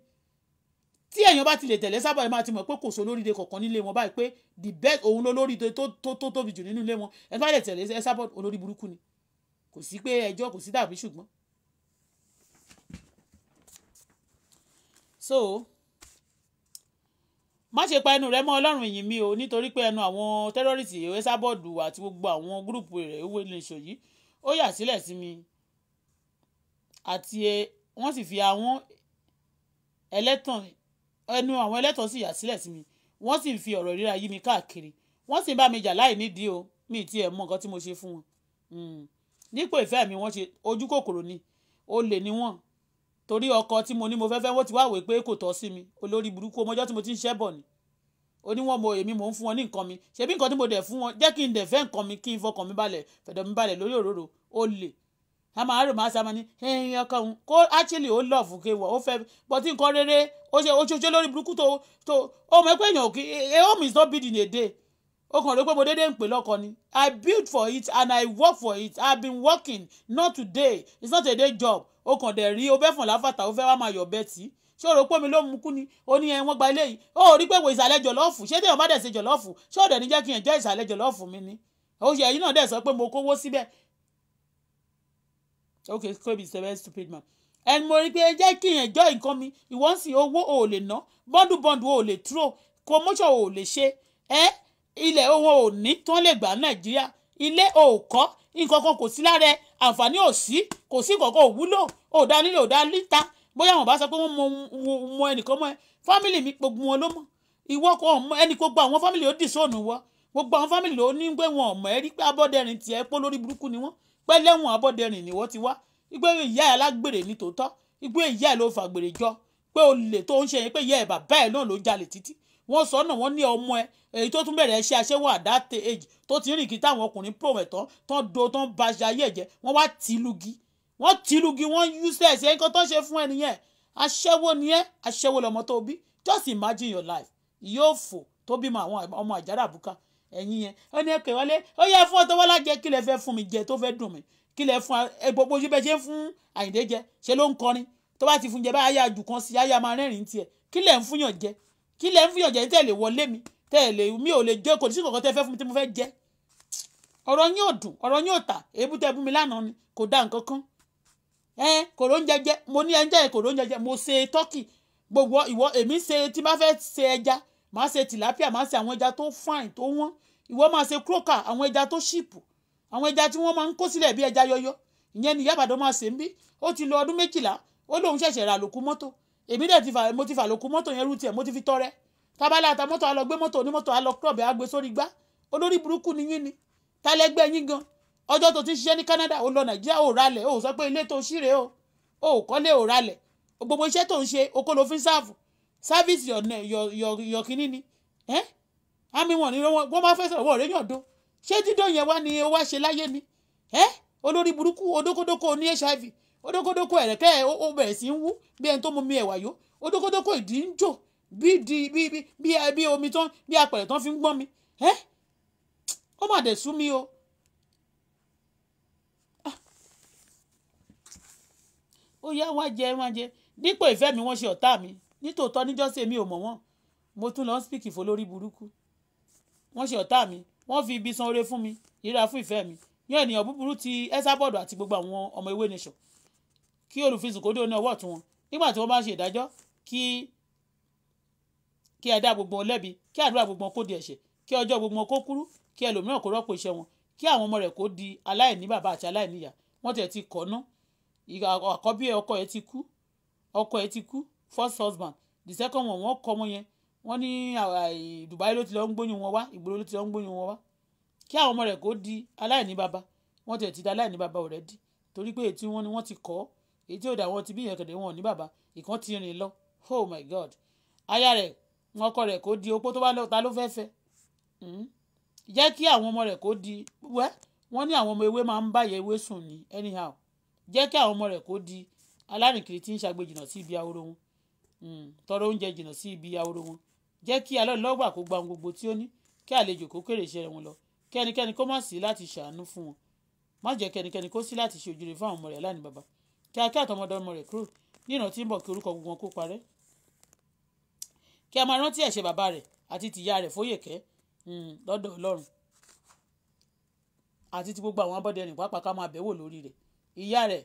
tí èèyàn bá ti lè tẹ̀lé sábà máa ti mọ̀ pé kò so lóríire kọ̀ọ̀kan nílé wọn báyìí pé the best òun ló lóríire tó tóbi jù nínú ilé wọn ẹ bá lè tẹ̀lé sábà olórí burúkú ni kò sí pé ẹjọ́ kò sí dàbí ṣùgbọ́n. so má ṣe pa ẹnu rẹ mọ́ ọlọ́run yìí mi o nítorí pé ẹnu àwọn tẹ́rọ́rìtì ẹ̀wẹ́sábọ́ọ̀dù àti gbogbo àwọn gúrùpù rẹ̀ owó ilé ìṣò yìí ó yà sílẹ̀ sí mi àti e, wọ́n sì fi àwọn ẹlẹ́tàn ẹnu àwọn ẹlẹ́tàn sì yà sílẹ̀ sí mi wọ́n sì fi ọ̀rọ̀ ríra yí mi káàkiri wọ́n sì bá mi jà láì nídìí o mi ì tiẹ̀ mọ nǹkan tí mo ṣe fún wọn. Hmm nípò ìfẹ́ mi wọ́n ṣe ojú kòkòrò ni olè ni wọ́n torí ọkọ tí mo ní mo fẹ́fẹ́ wọ́n ti wá wèé pé kò tọ́ sí mi olórí burúkú ọmọjọ́ tí mo ti ń ṣẹ́ bọ̀ ni oníwọ̀n mo èmi mò ń fún wọn ní nǹkan mi ṣebí nǹkan tí mo dẹ̀ fún wọn jẹ́ kí n dẹ̀ fẹ́ nǹkan mi kí n fọkàn mi balẹ̀ fẹ̀dọ̀ mi balẹ̀ lórí òróró olè a máa rò máa sáma ní ẹyin ọkọ òun kó actually ó lọ fún kéwà ó fẹ́ bọtí nǹkan rere ó ṣe oṣooṣo lórí burúkú tó tó ó mọ̀ pé èèyàn kì í home is not built in a day ó kàn ló pé mo déédéé ń pè lọ́kọ ni i build for it and i work for it i been working not today it's not a day job ó kàn dẹ̀ rí o láfàtà o fẹ́ wá máa yọ̀ bẹ́ẹ̀ tí ṣé o rò pé omi ló mú kú ni o ní ẹ̀wọ̀n gba eléyìí ó rí pé wo ìsàlẹ̀ jọ̀lọ́ọ̀fù ṣé téèyàn bá dẹ̀ ṣe jọ̀lọ́ọ̀fù ṣé ò dẹ̀ ní jẹ́ kí n jẹ́ ìsàlẹ̀ jọ̀lọ́ọ̀fù mi ni ó ṣe ẹ̀yin náà dẹ̀ sọ pé mo kówó síbẹ̀ ok kobe is a very stupid man ẹni mo rí pé jẹ́ kí n jọ nǹkan mi ìwọ́n sì owó ò lè ná bọ́ndù ò lè tró promotion ò lè ṣe ẹ́ ilẹ̀ ohun ò ní tí wọ́n lè gbà nàìjíríà ilé òòkọ́ nǹkan kan kò sí lára ẹ àǹfààní ò sí kò sí nǹkan kan ò wúlò ò dá nílé ò dá níta bóyá wọn bá sọ pé wọ́n mọ ẹnìkan mọ ẹ fámìlì mi gbogbo wọn ló mọ ìwọ kò mọ ẹni gbogbo àwọn fámìlì ó dì sóònù wọ gbogbo àwọn fámìlì ló ní pé wọn ò mọ ẹ rí pé abọ́dẹrìn tiẹ̀ pọ́ lórí burúkú ni wọ́n pẹ́ lẹ́wọ̀n abọ́dẹrìn ni wọ́n ti wá ìgbé ìyá ẹ̀ alágbèrè ní tòótọ́ ìgbé ìyá ẹ̀ ló fàgbèrè jọ pé olè tó ń ṣe yẹn pé ìyá ẹ̀ bàbá ẹ̀ náà ló jalè títí wọ́n sọ náà wọ́n ní ọmọ ẹ̀ èyí tó tún bẹ̀rẹ̀ ṣe aṣẹ́wó àdá age tó ti rìn kí táwọn ọkùnrin pòmẹ̀tọ́ tán do tán ba ṣe ayé ẹ̀jẹ̀ wọ́n wá tìlúgi wọ́n tìlúgi wọ́n useless ẹ̀yìn kan tó ṣe fún ẹni yẹn aṣẹ́wó ni ẹ́ aṣẹ́wó lọ́mọ tó bí just imagine your life yóò fò tó bímọ àwọn ọmọ àjàrà àbúkà ẹ̀yìn yẹn ó ní ẹ̀kẹ́ wọlé ó yẹ fún ọtọ́ wọlá jẹ kí lẹ fẹ́ fún mi jẹ tó fẹ́ dùn mí kí lẹ fún gbogbo ojú bẹ ṣe ń fún àyìndé jẹ ṣe ló ń kọrin tó bá ti fún jẹ báyà jù kan sí yáyà máa rẹ́rìn-ín tiẹ̀ kí lẹ ń fúnyàn jẹ kí lẹ ń fúnyàn jẹ tẹ̀lé wọlé mi tẹ́ ẹ lè mi ò lè jẹ́ kò sí kankan tẹ́ fẹ́ fún mi tí mo fẹ́ jẹ́ ọ̀rọ̀ yín ò dùn ọ̀rọ̀ yín ò tà èébú tẹ́ bú mi lánàá ni kò dá nǹkan kan ẹ kòró ń jẹjẹ mo ní ẹjẹ kòró ń jẹjẹ mo ṣe tọ́kì gbogbo ìwọ èmi ṣe tí bá fẹ́ ṣe ẹja màá ṣe tìlápíà màá ṣe àwọn ẹja tó fine tó wọ́n ìwọ máa ṣe kúrókà àwọn ẹja tó ṣìpù àwọn ẹja tí wọ́n máa ń kó sílẹ̀ bí ẹja yọyọ ìyẹn ni Ìyábàdàn máa ṣe ń bí ó ti lọ ọdún méjìlá ó lóun ṣẹ̀ṣẹ̀ ra àlòkù mọ́tò èmi dẹ̀ mo ti fà àlòkù mọ́tò yẹn rú tiẹ̀ mo ti fi tọrẹ tábàlà àtà mọ́tò á lọ gbé mọ́tò onímọ́tò á lọ kúrọ̀bẹ̀ á gbé sórí gbá olórí burúkú ni yín ni tálẹ́gbẹ́ yín gan ọjọ́ tó ti ṣiṣẹ́ ní Canada ó lọ Nàìjíríà ó ralẹ̀ ó sọ pé ilé tó ṣíre o ó kọ́lé ó ralẹ̀ gbogbo iṣẹ́ tó ń ṣe okó ló fi ń sáàfù sáfíìsì yọ̀kínní ni ẹ́ àmì wọn ni wọ́n máa fẹ́ sọ̀rọ̀ wọ́n rẹ̀ yàn dó ṣé dídó yẹn wá ni ó wá ṣe láyé ni ẹ́ olórí burúkú odókódókó ní HIV odókódókó ẹ̀rẹ̀kẹ́ ó bẹ̀rẹ̀ sí ń wú bí ẹni tó mú mi ẹ̀wà yó odókódókó ìdí ń jò bí di bí bí bí bí omi tán bí apẹ̀rẹ̀ tán fi ń gbọ́n mi ẹ́ ó mà dẹ̀ sú mi o. Ah. ó yá wá jẹ wá jẹ dípò ìfẹ́ mi wọ́n ṣe ọ̀tá mi nítòótọ́ níjọ́sí èmi ò mọ̀ wọ́n mo tún lọ ń spíkì fún lórí burúkú wọ́n ṣe ọ̀tá mi wọ́n fi ibi san oore fún mi ìríra fún ìfẹ́ mi yan ènìyàn búburú ti ẹ́sàbọ̀dù àti gbogbo àwọn ọmọ ewé nation kí olùfisùn kó dé ní ọwọ́ ọ̀tún wọn nígbà tí wọ́n bá ń ṣe ìdájọ́ kí kí ẹ̀dá gbogbo wọn lẹ́bi kí àdúrà gbogbo wọn kó di ẹ̀ṣẹ̀ kí ọjọ́ gbogbo wọn kó kúrú kí ẹlòmíràn kó rọ́pò iṣẹ́ wọn kí àwọn ọmọ rẹ̀ kó di aláìní bàbá àti aláìní ìyá wọ́n tẹ̀ ti kọ̀ọ́nú àkọ́bí ọkọ ẹ̀ ti kú ọkọ ẹ̀ ti kú first husband the second one wọ́n kọ́ ọmọ yẹn wọ́n ní Dubai ló ti lọ ń gbóyún wọn wá ìgboro ló ti lọ ń gbóyún wọn wá kí àwọn ọmọ rẹ̀ kó di aláìní bàbá wọ́n tẹ̀ ti di aláìní bàbá already torí pé ètí wọn ni wọ́n ti kọ́ èyí tí ò dà wọn ti bí ìyẹn kẹ̀dẹ̀ wọn ò ní bàbá ìkan ti rìn lọ oh my god aya rẹ̀ wọn ọkọ rẹ̀ kó di opó tó bá lọ ta ló fẹ́ fẹ́ hmm? jẹ́ kí àwọn ọmọ rẹ̀ kó di wẹ́ wọ́n ní àwọn ọmọ ewé máa ń báyẹ̀ ewé sùn ní anyhow jẹ́ kí àwọn ọmọ rẹ̀ kó di alárìnkiri tí ń ṣàgbé jìnnà sí ibi ahoro wọn hmm, tọrọ oúnjẹ jìnnà sí ibi ahoro wọn jẹ́ kí alọ́lọ́gbà kó gba ohun gbogbo tí ó ní kí àlejò kó kéré iṣẹ́ wọn lọ kí ẹnikẹ́ni kó má sí láti ṣàánú fún wọn má jẹ́ kí ẹnikẹ́ni kó sí láti ṣe ojúre fún àwọn ọmọ rẹ̀ aláìní baba kí akẹ́ àtọmọdọ́mọ rẹ̀ kúrò ní ìrántí ń bọ̀ kí orúkọ gbogbo wọn kó parẹ́ kí a máa rántí ẹ̀ṣẹ̀ bàbá rẹ̀ àti tìyá rẹ̀ Fóyèkẹ́ hmm, lọ́dọ̀ Ọlọ́run àti ti gbogbo àwọn Abọ́dẹrìn pàápàá ká máa bẹ̀wò lórí rẹ̀ ìyá rẹ̀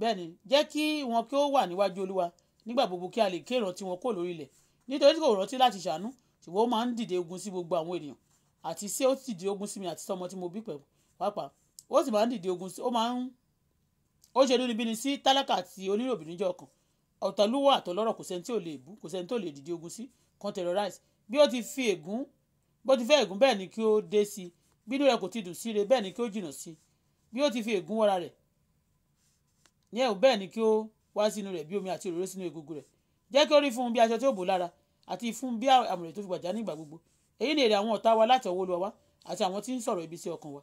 bẹ́ẹ̀ ni jẹ́ kí wọn kí ó wà níwájú Olúwa nígbà gbogbo kí a lè ké ìrántí wọn kó lórí ilẹ̀ nítorí tí kò rántí láti ṣàánú ṣùgbọ́n ó máa ń dìde ogun sí gbogbo àwọn ènìyàn àti sí ó sì dìde ogun sí mi àti sọmọ tí mo bí pẹ̀lú pàápàá ó sì máa ń dìde ogun sí ó máa ń ó ṣe inúnibíni sí tálákà àti oníròbìnújẹ́ ọkàn ọ̀tọ̀lúwọ̀ àtọlọ́rọ̀ kò sẹ́ni tí ò lè bú kò sẹ́ni tó lè dìde ogun sí kan terrorize bí ó ti fi ègún bó ti fẹ́ ègún bẹ́ẹ̀ ni kí ó dé sí bí inú rẹ̀ kò ti dùn sí ire bẹ́ẹ̀ ni kí ó jìnnà sí i bí ó ti fi ègún wọra rẹ̀ ní ẹ̀hún bẹ́ẹ̀ ni kí ó wá sínú rẹ̀ bí omi àti òróró sínú egungun rẹ̀ jẹ́ kí ó rí fún un bí aṣọ tí ó bò lára àti fún bí àmùrè tó fi gbàjá nígbà gbogbo èyí ni èrè àwọn ọ̀tá wa láti ọwọ́ Olúwa àti àwọn tí ń sọ̀rọ̀ ibi sí ọkàn wa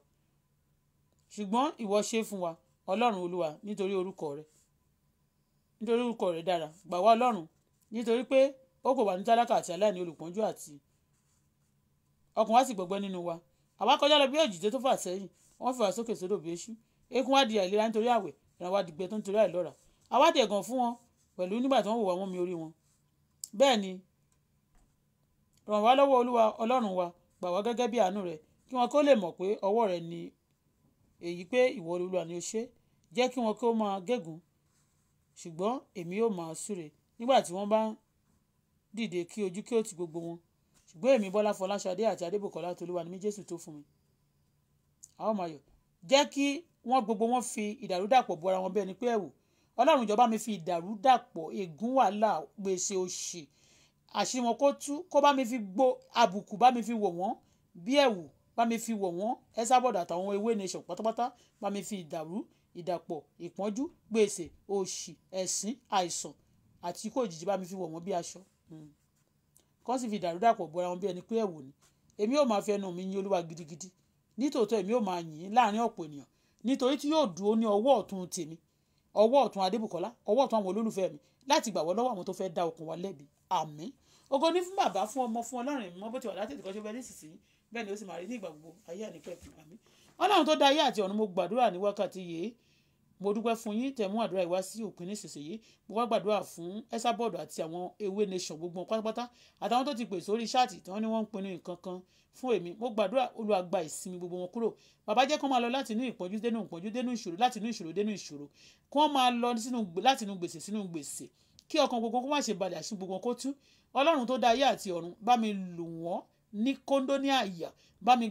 ṣùgbọ́n ìwọ ṣe fún wa Ọlọ́run Olúwa nítorí orúkọ rẹ̀ nítorí orúkọ rẹ̀ dára gbà wá Ọlọ́run nítorí pé ó kò wà ní tálákà àti aláìní olùpọ́njú àti ọkàn wa sì gbọgbẹ́ nínú wa àwa kọjá lọ bí òjìjẹ́ tó fà sẹ́yìn wọ́n fi wá sókè sódò bí eṣú eékún wá di àìlera nítorí àwẹ̀ ìran wa dìgbẹ́ tó nítorí àìlọ́ra àwa dẹ̀ gàn fún wọn pẹ̀lú nígbà tí wọ́n wò wá wọ́n mi orí wọn bẹ́ẹ̀ ni ràn wá lọ́wọ́ olúwa ọlọ́run wa gbà wá gẹ́gẹ́ bí àánú rẹ kí wọn kó lè mọ̀ pé ọwọ́ rẹ ni èyí pé ìwọ olúwa ni ó ṣe jẹ́ kí wọn kó máa gégùn ṣùgbọ́n èmi yóò máa súre nígbà tí wọ́n bá dìde kí ojú kí ó ti gbogbo wọn ṣùgbọ́n èmi bọ́lá fọláṣadé àti adébòkọ́lá tolúwa ni mí jésù tó fún mi àwọn ọmọ ayọ̀ jẹ́ kí wọ́n gbogbo wọn fi ìdàrúdàpọ̀ bo ara wọn bẹ́ẹ̀ ni pé ẹ̀wò ọlọ́run ìjọba mi fi ìdàrúdàpọ̀ ègún wàhálà gbèsè òṣì àṣírí wọn kó tú kó bá mi fi gbo àbùkù bá mi fi wọ̀ wọ́n bí ẹ̀wù bá mi fi wọ̀ wọ́n ẹ́sàbọ̀dà àtàwọn ewé nation pátápátá bá mi fi ìdàrú ìdàpọ̀ ìpọ́njú gbèsè òṣì ẹ̀sín àìsàn àti ikú òjijì bá mi fi wọ̀ wọ́n bí aṣọ. Hmm. kán sì fi dàrúdàpọ̀ bọ́ra wọn bí ẹni pé ẹ̀wò ni èmi ò máa fi ẹnu mi yìn olúwa gidigidi nítòótọ́ èmi ò máa yìn láàrin ọ̀pọ̀ ènìyàn nítorí tí yóò dúró ní ọwọ́ ọ̀tún tèmi ọwọ́ ọ̀tún adébùkọ́lá ọwọ́ ọ̀tún àwọn olólùfẹ́ mi láti gbàwọ́ lọ́wọ́ àwọn tó fẹ́ dá okùn wa lẹ́bi àmín ògo ní fún bàbá fún ọmọ fún ọlọ́run mímọ́ bó ti wà láti ìdíkọ́ ṣe bẹ́ẹ̀ nísinsìnyí ni ó sì máa ní ìgbà mo dúpẹ́ fún yín tẹ̀ mú àdúrà ìwá sí òpin nísinsìnyí mo wá gbàdúrà fún Esabod àti àwọn ewé nation gbogbo pátápátá àtàwọn tó ti pè sórí ṣáàtì tí wọ́n ní wọ́n ń pinnu nǹkan kan fún èmi mo gbàdúrà Olúwa gba ìsinmi gbogbo wọn kúrò bàbá jẹ́ kó máa lọ láti inú ìpọ́njú dénú ìpọ́njú dénú ìṣòro láti inú ìṣòro dénú ìṣòro kó máa lọ láti inú gbèsè sínú gbèsè kí ọkàn gbogbo kó má ṣe balẹ̀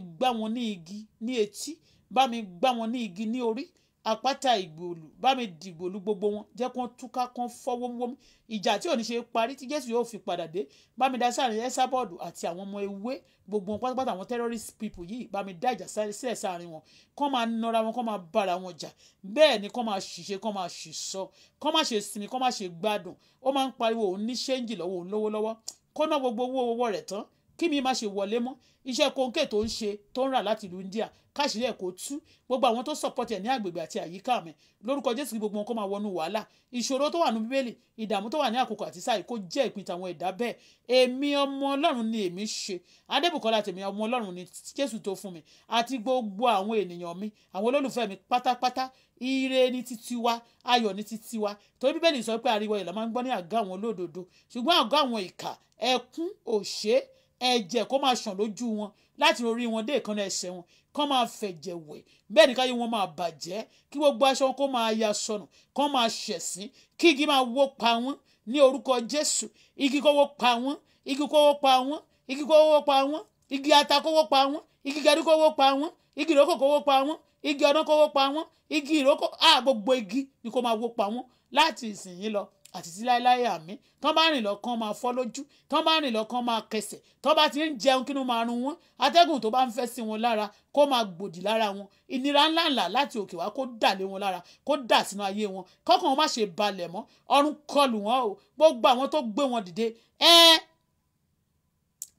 bá mi gbá wọn ní igi ní orí àpáta ìgbòlù bá mi dìgbòlù gbogbo wọn jẹ́ kó túká kán fọ́ wómúwómú ìjà tí ò ní ṣe parí tí jésù yóò fi padà dé bá mi dá sáàrin ẹ́sàbọ̀dù àti àwọn ọmọ ewé gbogbo wọn pátápátá àwọn terrorist people yìí bá mi dá ìjà sílẹ̀ sáàrin wọn kán máa nọra wọn kán máa bára wọn jà bẹ́ẹ̀ ni kán máa ṣìṣe kán máa ṣìṣọ kán máa ṣe sinmi kán máa ṣe gbádùn ó máa ń pariwo òun ní ṣéǹjì lọ́wọ́ òun lówó kó ná gbogbo owó owó rẹ̀ tán kí mi má ṣe wọlé mọ́ iṣẹ́ kòńkè tó ń ṣe tó ń rà láti ìlú India káṣílẹ̀ kò tú gbogbo àwọn tó support ẹ̀ ní àgbègbè àti àyíká mi lórúkọ Jésù kí gbogbo wọn kó máa wọnú wàhálà ìṣòro tó wà ní bíbélì ìdààmú tó wà ní àkókò àti sáà kó jẹ́ ìpín tàwọn ẹ̀dá bẹ́ẹ̀ èmi ọmọ Ọlọ́run ni èmi ṣe Adébùkọ́lá tèmi ọmọ Ọlọ́run ni Jésù tó fún mi àti gbogbo àwọn ènìyàn mi àwọn olólùfẹ́ mi pátápátá ire ní títí wa ayọ̀ ní títí wa torí bíbélì sọ pé ariwo ìlà máa ń gbọ́ ní àgọ́ àwọn olódodo ṣùgbọ́n àgọ́ àwọn ìkà ẹkún òṣè ẹ̀jẹ̀ kó máa ṣàn lójú wọn láti orí wọn dé ìkànnì ẹsẹ̀ wọn kán máa fẹ̀jẹ̀ wẹ̀ bẹ́ẹ̀ ni káyé wọn máa bàjẹ́ kí gbogbo aṣọ wọn kó máa ya sọnù kán máa ṣẹ̀sín kí igi máa wó pa wọ́n ní orúkọ Jésù igi kó wó pa wọ́n igi kó wó pa wọ́n igi kó wó pa wọ́n igi ata kó wó pa wọ́n igi gẹdú kó wó pa wọ́n igi ìrókò kó wó pa wọ́n igi ọdún kó wó pa wọ́n igi ìrókò ah gbogbo igi ni kó máa wó pa wọ́n láti ìsìn yìí lọ àti tí láéláé àmì tán bá rìn lọ́kàn máa fọ́ lójú tán bá rìn lọ́kàn máa kẹsẹ̀ tán bá ti ń jẹun kínú máa run wọn atẹ́gùn tó bá ń fẹ́ sí wọn lára kó máa gbòdì lára wọn ìnira ńláńlá láti òkè wá kó dà lé wọn lára kó dà sínú ayé wọn kọ́kàn wọn má ṣe balẹ̀ mọ́ ọrùn kọlù wọn o gbogbo àwọn tó gbé wọn dìde ẹ́ẹ́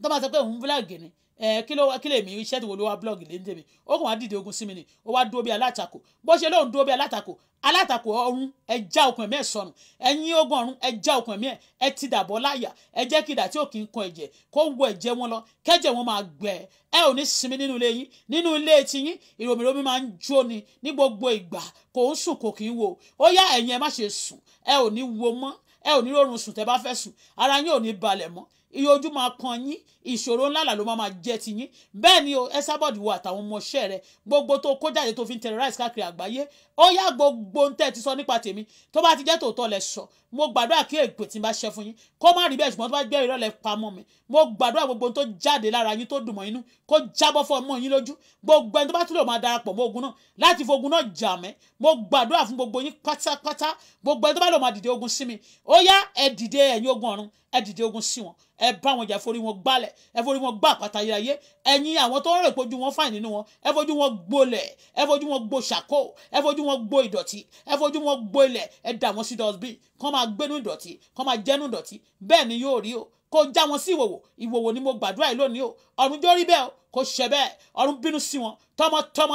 tó bá sọ pé òun fúlàgì ni Eh, kí ló kí lèmi iṣẹ́ wo ló wá blog lé ní tèmi ó kàn wá dìde ogun sí mi ni ó wá dúró bí alátakò bó ṣe lóun dúró bí alátakò alátakò ọ̀run ẹ já okùn ẹ̀mí ẹ̀ sọnù ẹ̀yin ogun ọ̀run ẹ já okùn ẹ̀mí ẹ̀ ẹ ti dàbọ̀ láyà ẹ jẹ́ kí ìdà tí ò kí ń kan ẹ̀jẹ̀ kó wọ ẹ̀jẹ̀ wọn lọ kẹ́jẹ̀ wọn máa gbẹ ẹ ò ní sinmi nínú ilé yín nínú ilé tiyín ìròmìròmí máa ń jó ni ní gbogbo ìgbà kò ń sùn kò kí ń wo ó yá ẹ̀yin ẹ má ṣe sùn ẹ ò ní wo mọ́ ẹ ò ní rọrùn sùn tẹ́ bá fẹ́ sùn ara yín ò ní balẹ̀ mọ́ iye ojú máa kan yín ìṣòro ńláńlá ló máa jẹ́ ti yín bẹ́ẹ̀ ni o Esabod wo àtàwọn ọmọọṣẹ́ rẹ gbogbo tó kó jáde tó fi ń terrorize káàkiri àgbáyé ó yá gbogbo ń tẹ́ ti sọ nípa tèmi tó bá ti jẹ́ tòótọ́ lẹ sọ mo gbàdúrà kí ègbè tí n bá ṣe fún yín kó má rí bẹ́ẹ̀ ṣùgbọ́n tó bá gbẹ́ ìrọ̀lẹ́ pamọ́ mi mo gbàdúrà gbogbo tó jáde lára yín tó dùnmọ̀ inú kó jábọ́ fún ọmọ yín lójú gbogbo ẹni tó bá tún lè máa darapọ̀ mọ́ ogun náà láti fi ogun náà jà mẹ́ mo gbàdúrà fún gbogbo yín pátápátá gbogbo ẹni tó bá lè máa dìde ogun sí mi ó yá ẹ dìde ẹ̀yin ogun ọ̀run ẹ dìde ogun sí wọn ẹ bá wọn jà forí wọn gbálẹ̀ ẹ forí wọn gbá àpáta ayérayé ẹ̀yin àwọn tó ń rè pojú wọn fáìn nínú wọn ẹ fojú wọn gbolẹ̀ ẹ fojú wọn gbo ṣàkó ẹ fojú wọn gbo ìdọ̀tí ẹ fojú wọn gbo ilẹ̀ ẹ dà wọn sí dọ̀sbí kán máa gbénú ìdọ̀tí kán máa jẹ́nu ìdọ̀tí bẹ́ẹ̀ ni yóò rí o kó já wọn sí ìwòwò ìwòwò ni mo gbàdúrà yìí lónìí o ọ̀run jó rí bẹ́ẹ̀ o kò ṣẹ bẹ́ẹ̀ ọ̀run bínú sí wọn tọmọtọmọ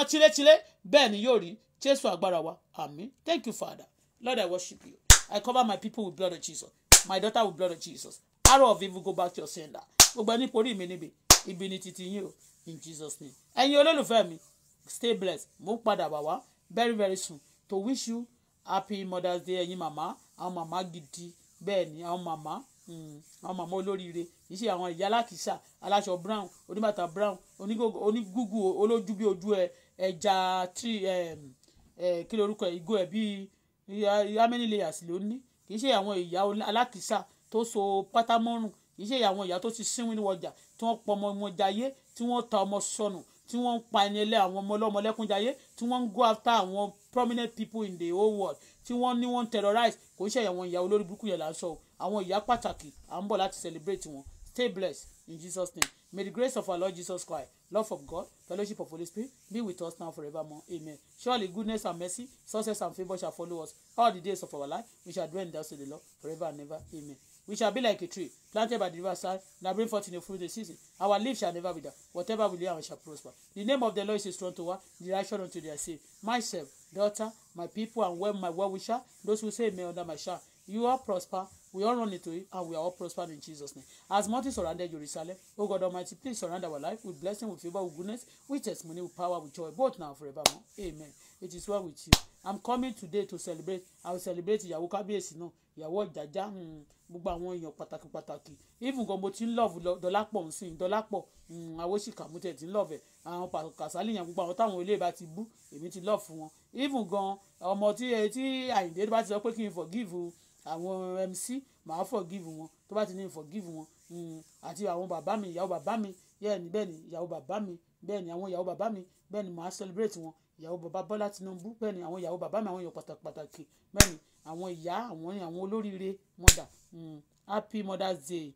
thank you father lord i worship you i cover my people with blood of jesus my daughter with blood of jesus arrow of evil go back to your sender gbogbo ẹni porí mi níbi ibi ni titi yín o in Jesus name ẹ̀yin olólùfẹ́ mi stay blessed mo ń padà wá wá very very soon to wish you happy mother's day ẹ̀yin màmá àwọn màmá gidi bẹ́ẹ̀ ni àwọn Mama mm, àwọn màmá olóríire kì í ṣe àwọn ìyá alákìsà aláṣọ brown oníbàtà brown onígúgú olójú bí ojú ẹ ẹja tree kí lorúkọ ìgò ẹ bíi how many layers ló ní kì í ṣe àwọn ìyá alákìsà tó so pátámọ́rùn iṣẹ́ ìyá àwọn ìyá tó ti sínwìn ní ọjà tí wọ́n pọ̀ ọmọ wọn jayé tí wọ́n ta ọmọ sọnù tí wọ́n ń pa ẹni ẹlẹ́ àwọn ọmọ ọlọ́mọ lẹ́kúnjayé tí wọ́n ń go after àwọn prominent people in the whole world tí wọ́n ní wọ́n terrorize kò ń ṣe àwọn ìyá olórí burúkú yẹn là ń sọ o àwọn ìyá pàtàkì à ń bọ̀ láti celebrate wọn stay blessed in Jesus name may the grace of our Lord Jesus Christ love of God fellowship of Holy Spirit be with us now forevermore amen surely goodness and mercy success and favour shall follow us all the days of our life we shall dwell in the house of the Lord forever and ever amen We shall be like a tree planted by the riverside that bring forth in the fruit of the season. Our leaves shall never wither. Whatever we do, we shall prosper. The name of the Lord is a strong tower, the righteous unto their save. Myself, daughter, my people, and well, my well wisher, those who say may under my shout. You all prosper. We all run into it, and we are all prospered in Jesus' name. As mountains surrounded Jerusalem, O God Almighty, please surround our life with blessing, with favor, with goodness, with testimony, with power, with joy, both now and forevermore. Amen. It is well with you i'm coming today to celebrate i will celebrate ìyàwó kábíyèsí náà ìyàwó ọ̀jàjà hmm, gbogbo àwọn èèyàn pàtàkì pàtàkì even gan mo ti ń love dọ́lápọ̀ nsìn dọ́lápọ̀ hmm, awóṣìkà mo tẹ̀ ti ń love ẹ̀ àwọn kàsálì yẹn gbogbo àwọn táwọn ilé bá ti bú èmi ti love fún wọn even gan ọmọ eh, tí àyìndé bá ti sọ pé kí n forgive àwọn mc màá forgive wọn tó bá ti ní forgive wọn hmm, àti àwọn bàbá mi ìyàwó bàbá mi yẹ́ẹ̀ ni bẹ́ẹ̀ ni ìyàwó bàbá mi bẹ́ẹ̀ ni àwọn ìyàwó bàbá mi bẹ́ẹ̀ ni màá celebrate wọn ìyàwó bàbá Bọ́lá Tinubu bẹ́ẹ̀ ni àwọn ìyàwó bàbá mi àwọn èèyàn pàtàkì pàtàkì bẹ́ẹ̀ ni àwọn ìyá àwọn àwọn olóríire mother mm, happy mother's day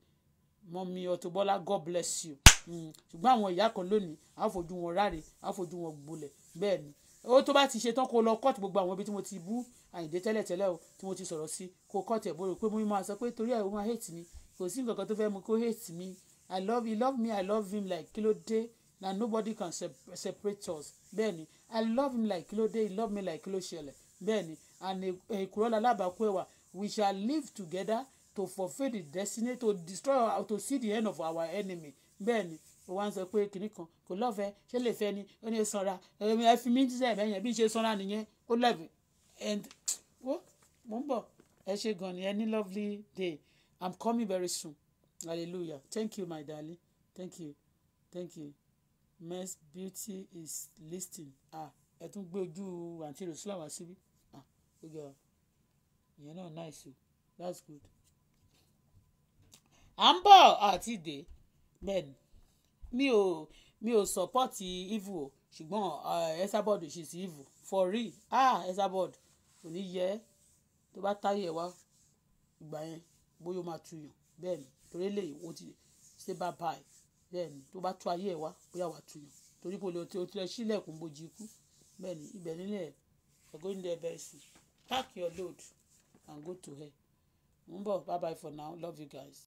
mọ́mí Auto Bola God bless you mm, ṣùgbọ́n àwọn ìyá kan lónìí àfojú wọn ráre àfojú wọn gbolẹ̀ bẹ́ẹ̀ ni ó tó bá ti ṣe tán kó lọ kọ́ọ̀tù gbogbo àwọn ibi tí mo ti bú àyìndé tẹ́lẹ̀tẹ́lẹ̀ o tí mo ti sọ̀rọ̀ sí kó kọ́ọ̀tù ẹ̀bùrò pé mo máa sọ pé torí àwọn máa hate mi kò sí nǹkan kan tó fẹ́ mu kó hate mi i love you love me i love him like kí ló dé that nobody can separate us bẹ́ẹ̀ni i love him like kí ló he love me like kí ló ṣẹlẹ̀ and èkúrọ́ lalábàákú we shall live together to fulfil the destiny to destroy or to see the end of our enemy bẹ́ẹ̀ni ó wá ń sọ pé kinní kan kò lọ́fẹ̀ẹ́ ṣé lè fẹ́ ni ó ní sanra ẹ̀mí ẹ̀fí mi ń tíṣẹ́ ẹ̀mí ẹ̀yẹn bí ṣe sanra nìyẹn ó lẹ́bi and wo mo ń bọ̀ ẹ ṣe gan ni any lovely day i'm coming very soon hallelujah thank you my darling thank you thank you. Men's Beauty is listing. À ẹ tún gbé ojú àǹtí Rosula wá síbí. À ó ga ìyẹn náà nice o that's good. À ń bọ̀ àti dé bẹ́ẹ̀ni mi ò mi ò support ivu o ṣùgbọ́n Esabod ṣì sí ivu for real ah Esabod kò ní yẹ tó bá táyé wá ìgbà yẹn bóyá ó máa tuyàn bẹ́ẹ̀ni torí lè wo ti ṣe bá báyìí bẹ́ẹ̀ni tó bá tú ayé ẹ wá bóyá wàá tuyàn torí pé o ti lọ sílẹ̀kùn bójú ikú bẹ́ẹ̀ni ibẹ̀ nílẹ̀ you're going there very pack your load and go to hell. Mbo, bye bye for now. Love you guys.